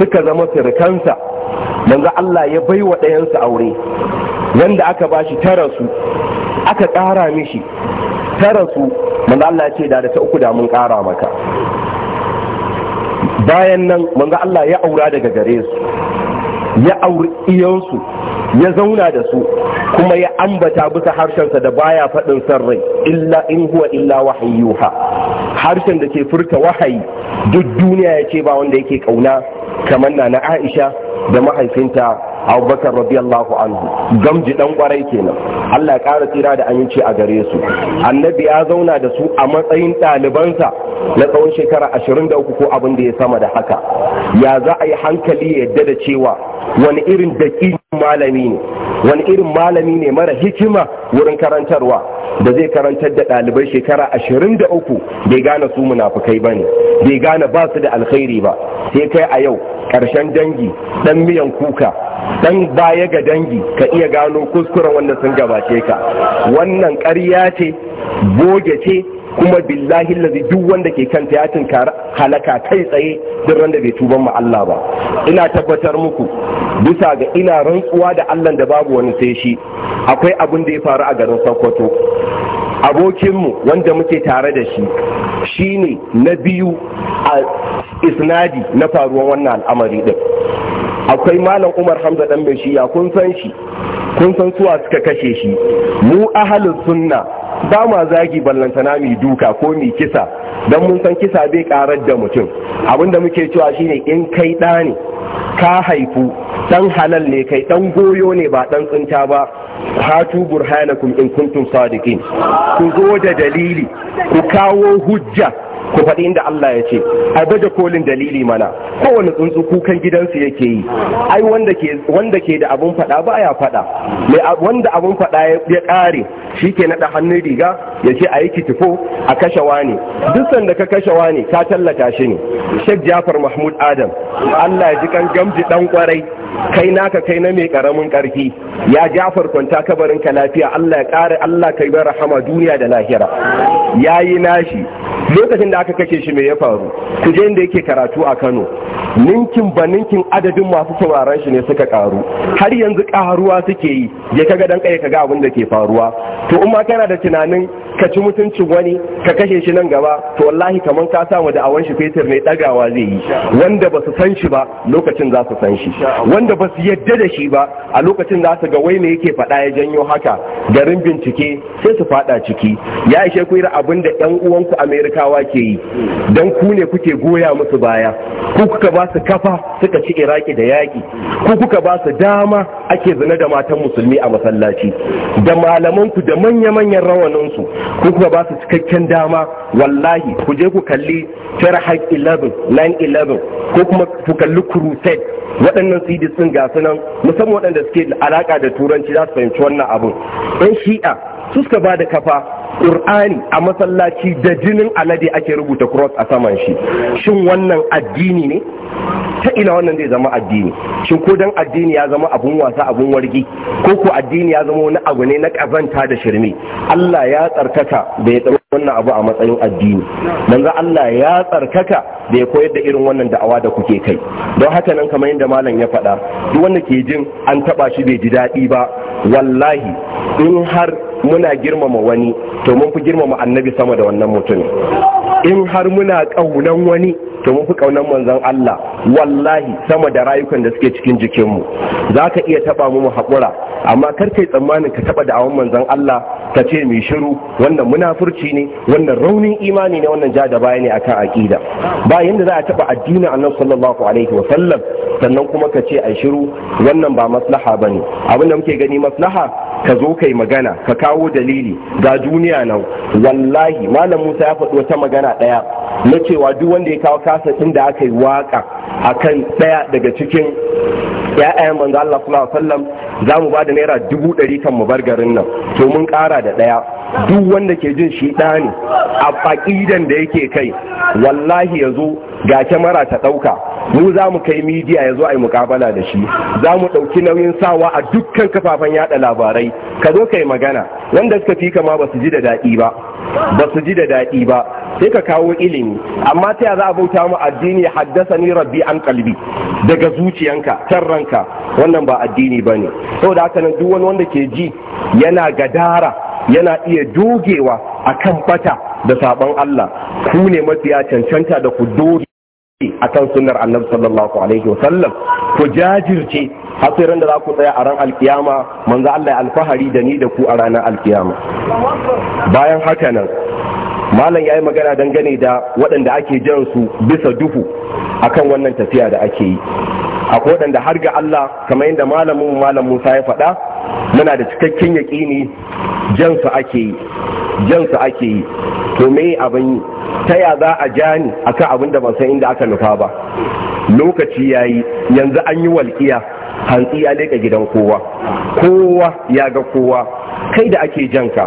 suka zama sirkansa manzo Allah ya bai wa ɗayansu aure yanda aka bashi tara aka ƙara mishi tara su manzo Allah ya ce da ta uku da mun ƙara maka bayan nan manzo Allah ya aura daga gare su ya auri iyansu ya zauna da su kuma ya ambata bisa harshensa da baya faɗin san rai illa in huwa illa wahayi harshen da ke furta wahayi duk duniya ya ce ba wanda yake kauna kamar na aisha da mahaifinta abubakar radiyallahu anhu gamji dan kwarai kenan allah ya kara tsira da aminci a gare su annabi ya zauna da su a matsayin ɗalibansa na tsawon shekara 23 ko abin da ya sama da haka ya za a yi hankali ya yadda da cewa wani irin daƙi malami ne wani irin malami ne mara hikima wurin karantarwa da zai karantar da ɗalibai shekara ashirin da uku bai gane su munafukai ba ne bai gane ba su da alkhairi ba sai kai a yau ƙarshen dangi ɗan miyan kuka ɗan baya ga dangi ka iya gano kuskuren wanda sun gabace ka wannan ƙarya ce boge ce kuma billahi lazi duk wanda ke kanta ya tinkara halaka kai tsaye duk randa bai tuban ma Allah ba ina tabbatar muku bisa ga ina rantsuwa da Allah da babu wani sai shi akwai abin da ya faru a garin Sokoto abokinmu wanda muke tare da shi shine na biyu a isnadi na faruwar wannan al'amari din akwai malam umar hamza dan mai shiya kun san shi kun san suwa suka kashe shi mu ahalin sunna ba ma zagi ballantana mai duka ko mai kisa don mun san kisa bai karar da mutum abinda muke cewa shine in kai ɗa ne ka haifu dan halal ne kai dan goyo ne ba dan tsinta ba hatu burhanakum in kuntum sadiqin ku zo da dalili ku kawo hujja ku faɗi inda Allah ya ce a baje kolin dalili mana kowane tsuntsu kukan gidansu yake yi ai wanda ke wanda ke da abun faɗa ba ya faɗa mai wanda abun faɗa ya ƙare shi ke naɗa hannun riga ya ce a yi kitifo a kashe wani duk sanda ka kashe wani ka tallata shi ne Sheikh Jafar Mahmud Adam Allah ya ji kan gamji dan kwarai kai naka kai na mai karamin karfi ya Jafar kwanta kabarin ka lafiya Allah ya ƙare Allah kai bar rahama duniya da lahira yayi nashi lokacin da aka kashe shi me ya faru ku je inda yake karatu a Kano ninkin ba ninkin adadin masu sauraron shi ne suka karu har yanzu karuwa suke yi ya kaga dan kai kaga abin da ke faruwa to in ma kana da tunanin ka ci mutuncin wani ka kashe shi nan gaba to wallahi kamar ka samu da awan shi fetur ne dagawa zai yi wanda ba su san shi ba lokacin za su san shi wanda ba su yadda da shi ba a lokacin za su ga wai me yake faɗa ya janyo haka garin bincike sai su faɗa ciki ya ishe ku irin abin da ɗan uwanku amerikawa ke yi dan ku ne kuke goya musu baya ku kuka ba su kafa suka ci iraki da yaƙi ku kuka ba su dama ake zina da matan musulmi a masallaci da malamanku da manya-manyan rawaninsu ko kuma ba su cikakken dama wallahi ku je ku kalli terahak 11 9-11 ko kuma ku kalli crusade waɗannan CD sun gasu nan musamman waɗanda suke alaƙa da turanci za su fahimci wannan abun yan shi'a Suska suka ba da kafa Ƙur'ani a masallaci da jinin alade ake rubuta cross a saman shi shin wannan addini ne ta ina wannan zai zama addini shin ko dan addini ya zama abun wasa abun wargi ko ko addini ya zama wani abu ne na kazanta da shirme Allah ya tsarkaka da ya wannan abu a matsayin addini za Allah ya tsarkaka da ya koyar da irin wannan da'awa da kuke kai don haka nan kamar yadda malam ya faɗa duk wanda ke jin an taba shi bai ji daɗi ba wallahi in har muna girmama wani to mun fi girmama annabi sama da wannan mutumin in har muna ƙaunan wani to mun fi kaunar manzon Allah wallahi sama da rayukan da suke cikin jikinmu Za ka iya taba mu haƙura. amma kar kai tsammanin ka taba awon manzon Allah ka ce mai shiru wannan munafurci ne wannan raunin imani ne wannan ja da baya ne akan aƙida. ba yanda za a taba addini Annabi sallallahu alaihi wa sannan kuma ka ce ai shiru wannan ba maslaha bane abin da muke gani maslaha ka zo kai magana ka kawo dalili ga duniya nan wallahi malam Musa ya faɗi wata magana ɗaya na cewa duk wanda ya kawo kasa ɗin da aka yi waka kan ɗaya daga cikin ya'yan manzo Allah sallallahu alaihi wasallam za mu ba da naira dubu ɗari kan mu bar garin nan to mun ƙara da ɗaya duk wanda ke jin shi ɗa ne a faƙidan da yake kai wallahi ya zo ga kyamara ta ɗauka mu za mu kai midiya ya zo a yi mukabala da shi za mu ɗauki nauyin sawa a dukkan kafafen yada labarai ka zo ka yi magana wanda suka fi kama ba su ji da daɗi ba ba su ji da daɗi ba sai ka kawo ilimi amma ta za a bauta mu addini haddasa ni rabbi an kalbi daga zuciyanka can ranka wannan ba addini ba ne saboda haka nan duk wani wanda ke ji yana gadara yana iya dogewa a kan bata da sabon Allah ku ne mafiya cancanta da ku doge akan sunar annabi sallallahu alaihi wa sallam ku jajirce har da za ku tsaya a ran alkiyama manzo Allah ya alfahari da ni da ku a ranar alkiyama bayan haka nan malam yayi magana dangane da waɗanda ake jan su bisa duhu akan wannan tafiya da ake yi akwai waɗanda har ga Allah kamar yadda malamin malam Musa ya faɗa muna da cikakken yaƙini jansu ake yi jansu ake yi to me abin ta ya za a jani akan abin da ban san inda aka nufa ba lokaci yayi yanzu an yi walƙiya hantsi ya leka gidan kowa kowa ya ga kowa kai da ake janka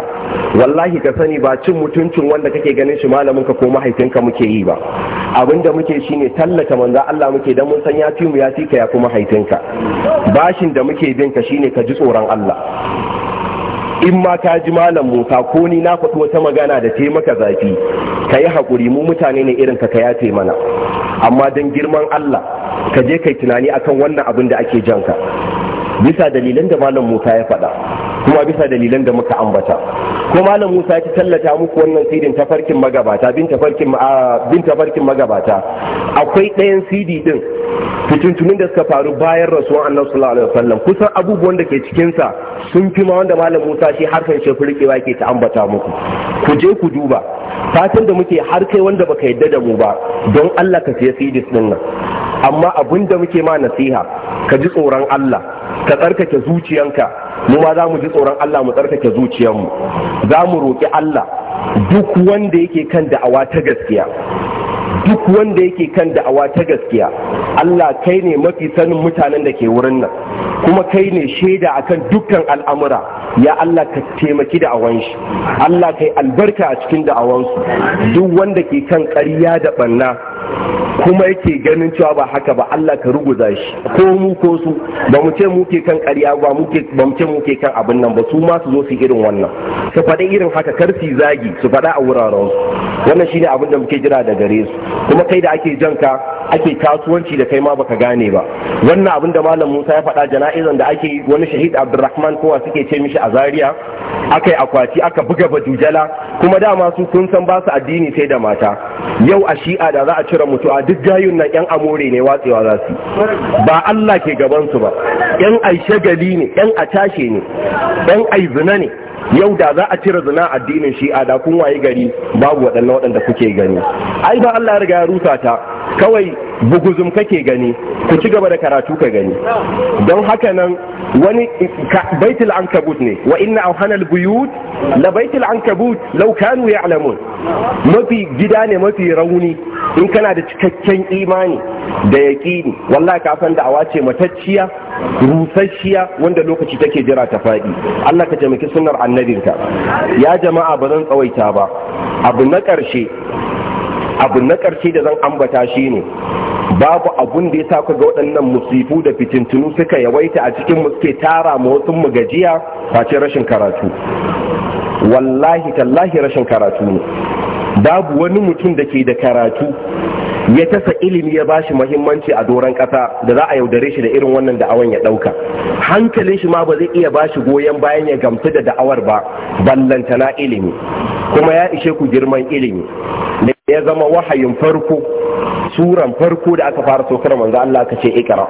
wallahi ka sani ba cin mutuncin wanda kake ganin shi malamin ka ko mahaifinka muke yi ba abin da muke shi ne tallata manzo Allah muke dan mun san ya fi mu ya fi ka ya kuma haifinka bashin da muke bin ka shine ka ji tsoron Allah in ma ka ji malam Musa ko ni na faɗi wata magana da taimaka maka zafi ka yi haƙuri mu mutane ne irin ka ka yafe mana amma don girman Allah ka je kai tunani akan wannan abin da ake janka bisa dalilan da malam Musa ya faɗa kuma bisa dalilan da muka ambata ko malam Musa ya tallata muku wannan sidin tafarkin magabata bin tafarkin ah, bin tafarkin magabata akwai ɗayan CD din fitintunin da suka faru bayan rasuwan annabi sallallahu alaihi wasallam kusan abubuwan da ke cikin sa sun fi ma wanda malam Musa shi harkar shefu ke ta ambata muku ku je ku duba fatan da muke har kai wanda baka yadda da mu ba don Allah ka siya sidis din nan amma abin da muke ma nasiha ka ji tsoron Allah ka tsarkake zuciyanka mu ma za mu ji tsoron Allah mu tsarkake zuciyanmu za mu roƙi Allah duk wanda yake kan da'awa ta gaskiya duk wanda yake kan da'awa ta gaskiya Allah kai ne mafi sanin mutanen da ke wurin nan kuma kai ne shaida akan dukkan al'amura ya Allah ka taimaki da shi Allah kai albarka a cikin da'awansu duk wanda ke kan ƙarya da ɓanna. kuma yake ganin cewa ba haka ba Allah ka ruguza shi ko mu ko su ba mu ce muke kan ƙarya ba muke ba mu ce muke kan abin nan ba su ma su zo su irin wannan su faɗi irin haka kar su zagi su faɗa a wuraren su wannan shine abin da muke jira da gare su kuma kai da ake janka ake kasuwanci da kai ma baka gane ba wannan abin da malam Musa ya faɗa jana'izan da ake wani shahid Abdulrahman kowa suke ce mishi a Zaria akai yi akwati aka buga bajujala kuma dama su kun san ba su addini sai da mata yau a shi'a da za a ci cire a duk gayun nan yan amore ne watsewa za su ba Allah ke gaban su ba yan shagali ne yan atashe ne yan aizina ne yau da za a cire zina addinin shi'a da kun waye gari babu waɗannan waɗanda kuke gani ai ba Allah ya riga ya rusa ta kawai buguzum kake gani ku ci gaba da karatu ka gani don haka nan wani baitul ankabut ne wa inna awhana albuyut la baitul ankabut law kanu ya'lamun mafi gida ne mafi rauni in kana da cikakken imani da yaƙini wallahi ka san da'awa ce matacciya rusasshiya wanda lokaci take jira ta faɗi Allah ka taimaki sunnar annabinka ya jama'a bazan tsawaita ba abu na karshe abu na ƙarshe da zan ambata shi ne. babu abun da ya sa ga waɗannan musifu da fitintunu suka yawaita a cikin mu suke tara mu wasu mu gajiya face rashin karatu wallahi tallahi rashin karatu ne babu wani mutum da ke da karatu ya tasa ilimi ya ba shi muhimmanci a doron kasa da za a yaudare shi da irin wannan da'awan ya ɗauka. hankalin shi ma ba zai iya ba shi goyon bayan ya gamsu da da'awar ba ballantana ilimi kuma ya ishe ku girman ilimi da ya zama wahayin farko suran farko da aka fara sokar manzo Allah ka ce ikra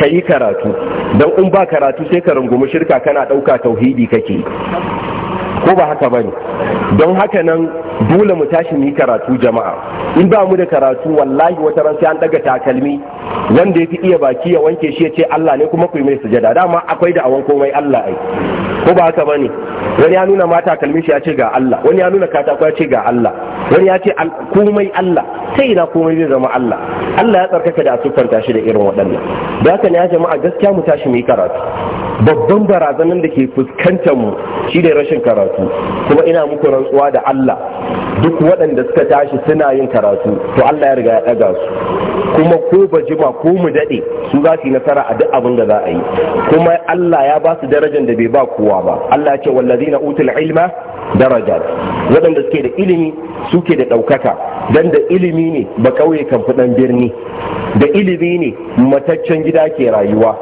ka yi karatu don in ba karatu sai ka rungumi shirka kana ɗauka tauhidi kake ko ba haka bane don haka nan dole mu tashi mu yi karatu jama'a in ba mu da karatu wallahi wata ran sai an daga takalmi wanda yafi iya baki ya wanke shi ya ce Allah ne kuma ku yi mai sujada dama akwai da awan komai Allah ai ko ba haka bane wani ya nuna mata kalmi shi ya ce ga Allah wani ya nuna katako ya ce ga Allah wani ya ce komai Allah sai ina komai zai zama Allah Allah ya tsarkaka da asufanta shi da irin waɗannan da haka ne ya jama'a gaskiya mu tashi mu yi karatu babban barazanar da ke fuskantar mu ne rashin karatu kuma ina muku rantsuwa da Allah duk waɗanda suka tashi suna yin karatu to Allah ya riga ya ɗaga su kuma ko ba jima ko mu daɗe su za su yi nasara a duk abin da za a yi kuma Allah ya ba su darajar da bai ba kowa ba Allah ya ce wallazina utul ilma daraja waɗanda suke da ilimi suke da ɗaukaka dan da ilimi ne ba ƙauye kan fi birni da ilimi ne mataccen gida ke rayuwa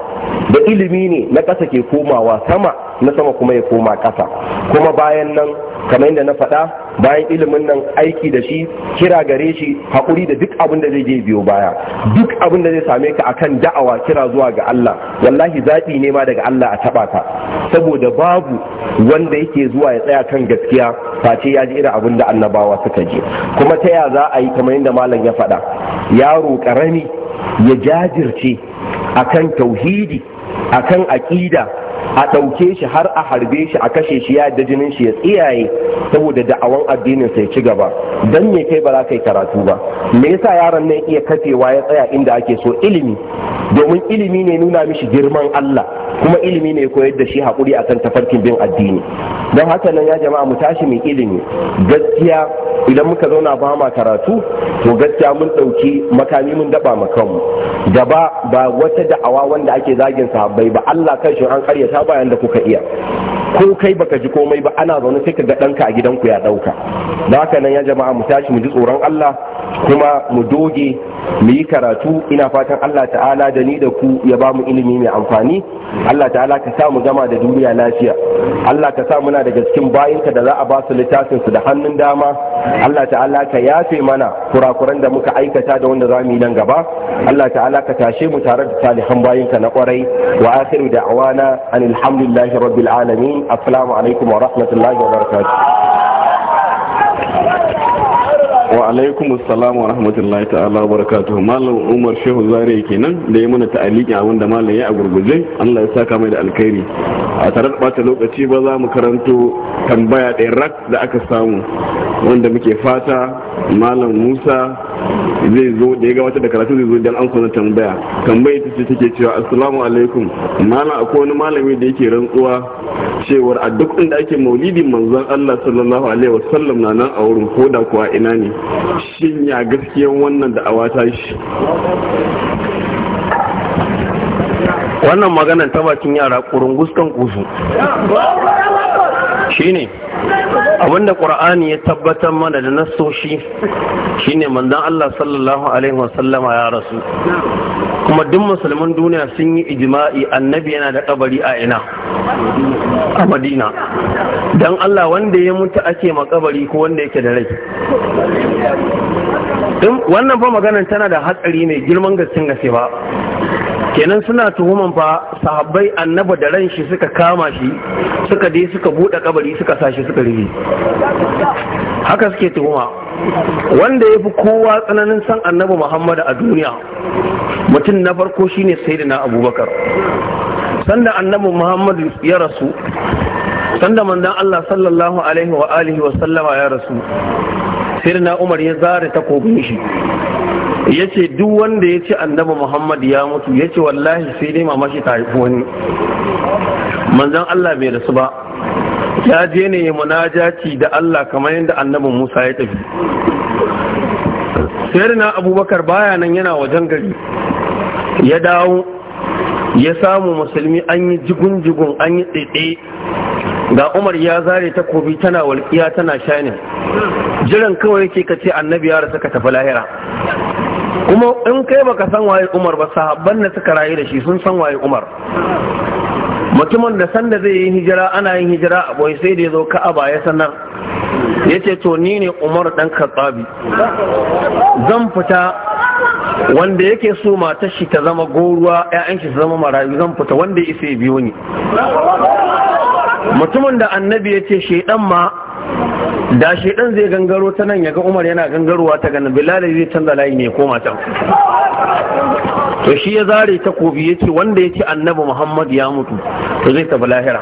da ilimi ne na ƙasa ke komawa sama na sama kuma ya koma ƙasa kuma bayan nan kamar yadda na faɗa bayan ilimin nan aiki da shi kira gare shi haƙuri da duk abin da zai je biyo baya duk abin da zai same ka akan da'awa kira zuwa ga Allah wallahi zaɓi ne ma daga Allah a taɓa ka saboda babu wanda yake zuwa ya tsaya kan gaskiya face ya ji irin abin da annabawa suka je kuma ta ya za a yi kamar yadda malam ya faɗa yaro ƙarami ya jajirce akan tauhidi akan aƙida a ɗauke shi har a harbe shi a kashe shi ya da jinin shi ya tsiyaye saboda da'awan addinin sai ci gaba dan me kai ba za ka yi karatu ba me yasa yaron nan iya kafewa ya tsaya inda ake so ilimi domin ilimi ne nuna mishi girman Allah kuma ilimi ne koyar da shi hakuri akan tafarkin bin addini don haka nan ya jama'a mu tashi mai ilimi gaskiya idan muka zauna ba ma karatu to gaskiya mun ɗauki makami mun daba ma kanmu gaba ba wata da'awa wanda ake zagin sahabbai ba Allah kan shi an karyata ta bayan da kuka iya ko kai baka ji komai ba ana zaune sai ka ga ɗanka a gidanku ya ɗauka da haka nan ya jama'a mu tashi mu ji tsoron Allah kuma mu doge mu yi karatu ina fatan Allah ta'ala da ni da ku ya ba mu ilimi mai amfani Allah ta'ala ka sa mu gama da duniya lafiya Allah ka sa muna daga cikin bayinka da za a ba su littafin su da hannun dama Allah ta'ala ka yafe mana kurakuran da muka aikata da wanda za mu yi nan gaba Allah ta'ala ka tashe mu tare da salihan bayinka na kwarai wa akhiru da'wana anil hamdulillahi rabbil alamin assalamu alaikum wa rahmatullahi wa barakatuh wa alaikum assalam wa rahmatullahi ta'ala wa barakatuhu malam umar shehu zare kenan da ya mana ta'aliki abin da malam ya a gurguje Allah ya saka mai da alkhairi a tare da bata lokaci ba za mu karanto tambaya ɗaya rak da aka samu wanda muke fata malam musa zai zo da ya gabatar da karatu zai zo dan an na tambaya tambaya ta ce take cewa assalamu alaikum malam akwai wani malami da yake rantsuwa cewar a duk inda ake maulidin manzon Allah sallallahu alaihi wasallam na nan a wurin ko koda kuwa ina ne shin ya gaskiyan wannan da awata shi wannan maganan ta bakin yara kurungus kan kusu shine abinda qur'ani ya tabbatar mana da nasoshi shine manzon Allah sallallahu alaihi wasallama ya rasu kuma duk musulmin duniya sun yi ijma'i annabi yana da kabari a ina a Madina dan Allah wanda ya mutu ake makabari ko wanda yake da rai wannan fa maganar tana da hatsari mai girman gaske gaske ba kenan suna tuhuman fa sahabbai annaba da ran shi suka kama shi suka dai suka bude kabari suka sashi suka rufe haka suke tuhuma wanda ya fi kowa tsananin san annabi muhammadu a duniya mutum na farko shine sayyidina abubakar sanda annabi muhammadu ya rasu sanda manzon Allah sallallahu alaihi wa alihi wa sallama ya rasu sirna Umar ya zare takobin shi ya ce duk wanda ya ce annabi muhammad ya mutu ya ce wallahi sai dai mamashi ta haifi wani manzan allah bai rasu ba ya je ne ya munajaci da allah kamar yadda annabin musa ya tafi sayar na abubakar baya nan yana wajen gari ya dawo ya samu musulmi an yi jigun-jigun an yi tsetse ga umar ya zare takobi tana walƙiya tana shanin jiran kawai ke ka ce annabi ya rasu ka tafi lahira kuma in kai baka san waye umar ba sahabban da suka rayu da shi sun san waye umar mutumin da sanda zai yi hijira ana yin hijira a boye sai da ya zo ka'aba ya sanar ya ce to ni ne umar dan katsabi zan fita wanda yake so matar shi ta zama goruwa 'ya'yan shi zama marayu zan fita wanda isa ya biyo ni mutumin da annabi ya ce shaidan ma da shi dan zai gangaro ta nan yaga umar yana gangarowa ta ganin bilal zai canza layi ne koma can to shi ya zare ta kobi yace wanda ya annabi muhammad ya mutu to zai tafi lahira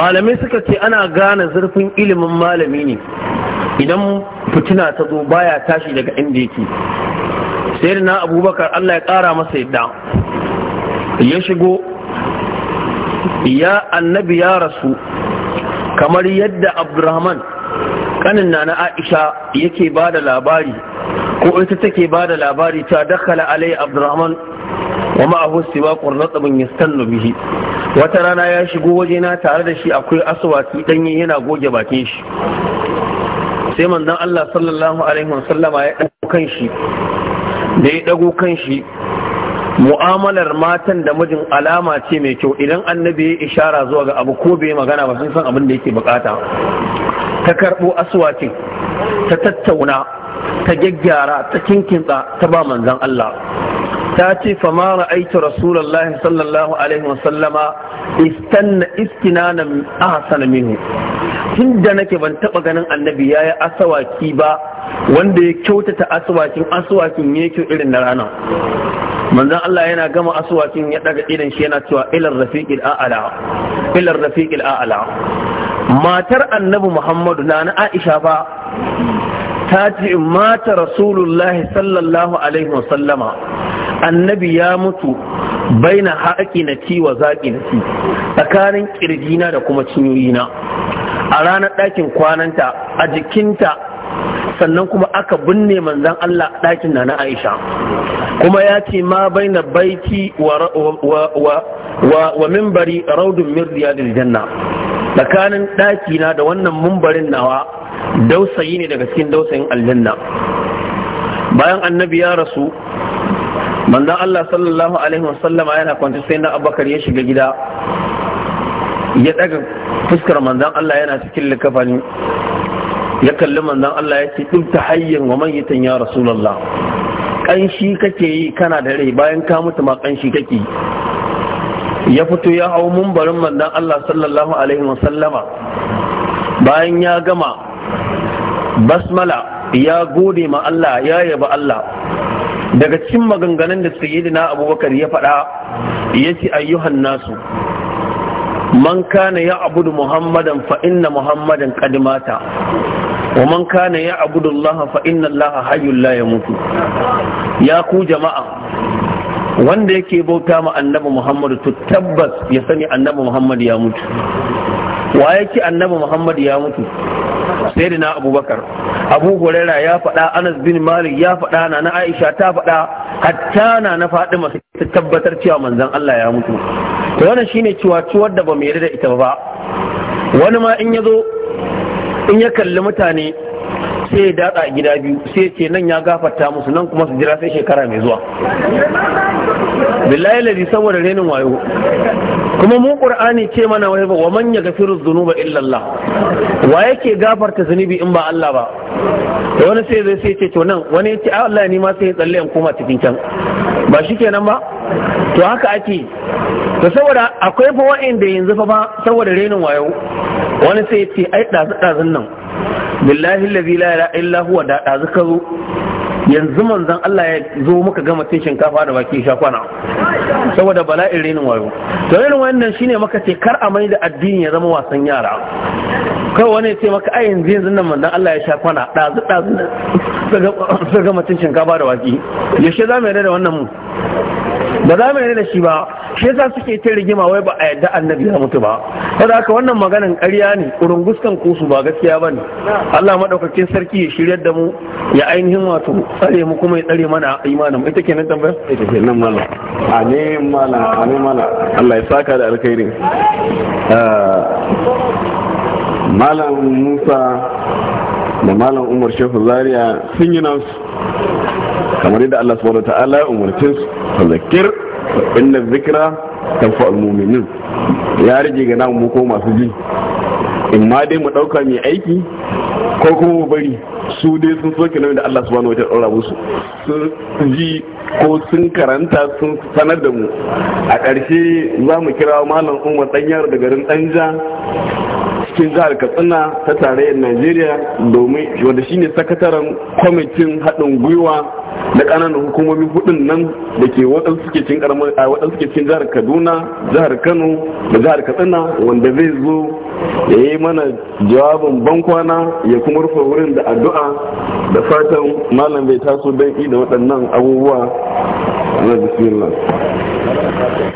malamai suka ce ana gane zurfin ilimin malami ne idan fitina ta zo baya tashi daga inda yake sai na abubakar allah ya kara masa yadda ya shigo ya annabi ya rasu kamar yadda abdurrahman kanin na na aisha yake ba da labari ko ita take ba da labari ta dakala alai abdurrahman wa ma'ahu siwa qurnatabun na bihi wata rana ya shigo waje wajena tare da shi akwai aswaki danye yana goge bakin shi sai manzon Allah sallallahu alaihi wasallama ya dago kan da ya dago kan shi mu'amalar matan da mijin alama ce mai kyau idan annabi ya ishara zuwa ga abu ko bai magana ba sun san abin da yake bukata ta karbo aswacin ta tattauna ta gyaggyara ta kinkinta ta ba manzon Allah ta ce "Famara ra'aitu rasulullahi sallallahu alaihi wasallama istanna istinanan ahsana minhu tunda nake ban taba ganin annabi yi asawaki ba wanda ya kyautata aswakin aswakin ne kyau irin na rana manzon Allah yana gama asuwakin ya daga idan shi yana cewa ilar rafiqil a'ala ilar rafiqil a'ala matar annabi Muhammadu na Aisha fa ta ce mata rasulullahi sallallahu alaihi wasallama annabi ya mutu baina haƙi na ci wa zaƙi na ci tsakanin ƙirjina da kuma cinyoyina a ranar ɗakin kwananta a jikinta sannan kuma aka binne manzan Allah ɗakin na na Aisha kuma ya ce ma bai na baiti wa mimbari raudun min da janna tsakanin ɗakina da wannan mumbarin nawa dausayi ne daga cikin dausayin aljanna bayan annabi ya rasu manzan Allah sallallahu alaihi wasallama yana kwanci sai na abakar ya shiga gida ya ɗaga fuskar manzan Allah yana cikin likafani ya kalli manzon Allah ya ce ta hayyan wa mayyitan ya rasulallah" kanshi kake yi kana da rai bayan ka mutu ma kanshi kake ya fito ya hau mumbarin manzon Allah sallallahu alaihi wa sallama bayan ya gama basmala ya gode ma Allah ya yaba Allah daga cikin maganganun da sayyidina abubakar ya faɗa ya ce ayyuhan nasu man kana ya abudu muhammadan fa inna muhammadan qad mata wa man kana ya abudullaha fa inna allaha hayyul la yamutu ya ku jama'a wanda yake bauta ma annabi muhammadu to tabbas ya sani annabi muhammadu ya mutu wa yake annabi muhammadu ya mutu na abubakar abu ya faɗa anas bin malik ya faɗa na na aisha ta faɗa hatta na na fadima ta tabbatar cewa manzon Allah ya mutu to wannan shine ciwa ciwar da ba mu yarda da ita ba wani ma in ya zo? in ya kalli mutane sai ya datsa gida biyu sai ce nan ya gafarta musu nan kuma su jira sai shekara mai zuwa billahi ladi saboda renin wayo kuma mu qur'ani ce mana wai wa man yaghfiru dhunuba illa Allah wa yake gafarta zunubi in ba Allah ba to wani sai zai sai ce to nan wani ya ce ah, Allah ni ma sai ya tsalle in koma cikin can ba shikenan ba to haka ake to saboda akwai fa wa'anda yanzu fa saboda renin wayo wani sai ce ai dazu dazun nan billahi allazi la ilaha illa huwa da dazu ka zo yanzu manzon Allah ya zo muka gama cin shinkafa da baki sha kwana saboda bala'in renin wayo to renin wannan shine maka ce kar a mai da addini ya zama wasan yara kai wani ce maka ai yanzu yanzu nan manzon Allah ya sha kwana dazu nan ka gama cin shinkafa da baki yaushe za mu yarda da wannan mu ba za mu yi da shi ba shi yasa suke ta rigima wai ba a yadda annabi ya mutu ba saboda haka wannan maganan ƙarya ne kurunguskan kusu ba gaskiya bane Allah madaukakin sarki ya shiryar da mu ya ainihin wato tsare mu kuma ya tsare mana imanin mu ita kenan tambayar ita kenan mallam amin mallam amin mallam Allah ya saka da alkhairi ah, malam Musa da malam Umar Shehu Zaria sun yi nasu kamar yadda Allah subhanahu wataala ta'ala su fa zakir inna zikra tanfa ya rage ga namu ko masu ji in ma dai mu dauka mai aiki ko kuma mu bari su dai sun soke nan da Allah subhanahu wataala ta'ala rabu su. sun ji ko sun karanta sun sanar da mu a ƙarshe za mu kira malam umar dan yaro da garin danja cikin jihar katsina ta tarayyar najeriya domin wanda shine sakataren kwamitin haɗin gwiwa na ƙananan hukumomi hudun nan da ke waɗansu suke cikin cikin jihar kaduna jihar kano da jihar katsina wanda zai zo ya yi mana jawabin bankwana ya kuma rufe wurin da addu'a da fatan malam bai taso don da waɗannan abubuwa na bismillah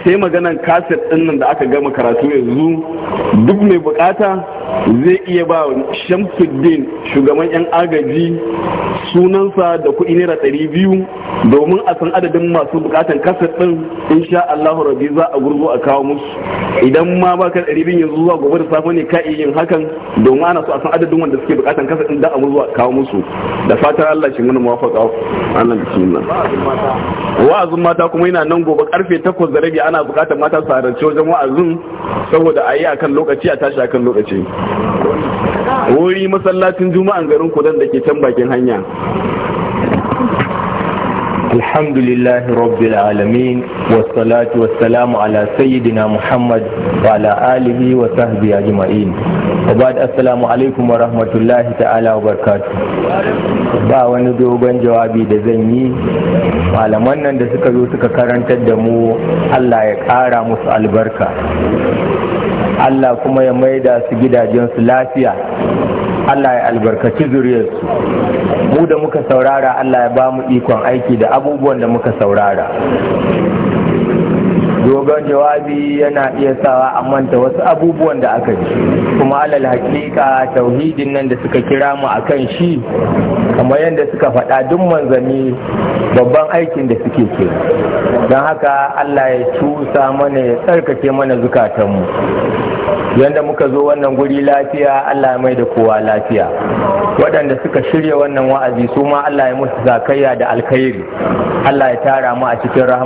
sai maganan kaset din nan da aka gama karatu yanzu duk mai bukata zai iya ba shamfuddin shugaban yan agaji sunansa da kuɗi naira ɗari biyu domin a san adadin masu bukatan kaset din insha Allahu rabi za a gurgu a kawo musu idan ma ba ka ɗari biyu yanzu zuwa gobe da safe ne ka iya yin hakan domin ana so a san adadin wanda suke bukatan kaset din da a gurgu a kawo musu da fatan Allah shi mun muwafaqa Allah bismillah wa'azin mata kuma yana nan gobe karfe takwas da rabi ana bukatar mata su halarci wajen wa'azin saboda a yi a kan lokaci a tashi a kan lokaci wuri masallacin juma'an garin kudan da ke can bakin hanya الحمد لله رب العالمين والصلاة والسلام على سيدنا محمد وعلى آله وصحبه أجمعين وبعد السلام عليكم ورحمة الله تعالى وبركاته ba wani dogon jawabi da zan yi malaman nan da suka zo suka karantar da mu Allah ya ƙara musu albarka Allah kuma ya maida su gidajensu lafiya Allah ya albarkaci zuriyarsu mu da muka saurara Allah ya ba mu ikon aiki da abubuwan da muka saurara dogon jawabi yana iya sawa a manta wasu abubuwan da aka ji kuma alal hakika tauhidin nan da suka kira mu akan shi kamar yadda suka faɗa duk manzanni babban aikin da suke ke don haka allah ya cusa mana ya tsarkake mana zukatanmu yadda muka zo wannan guri lafiya allah ya mai da kowa lafiya waɗanda suka shirya wannan wa'azi su ma allah ya musu zakayya da alkhairi allah ya tara mu a cikin rahama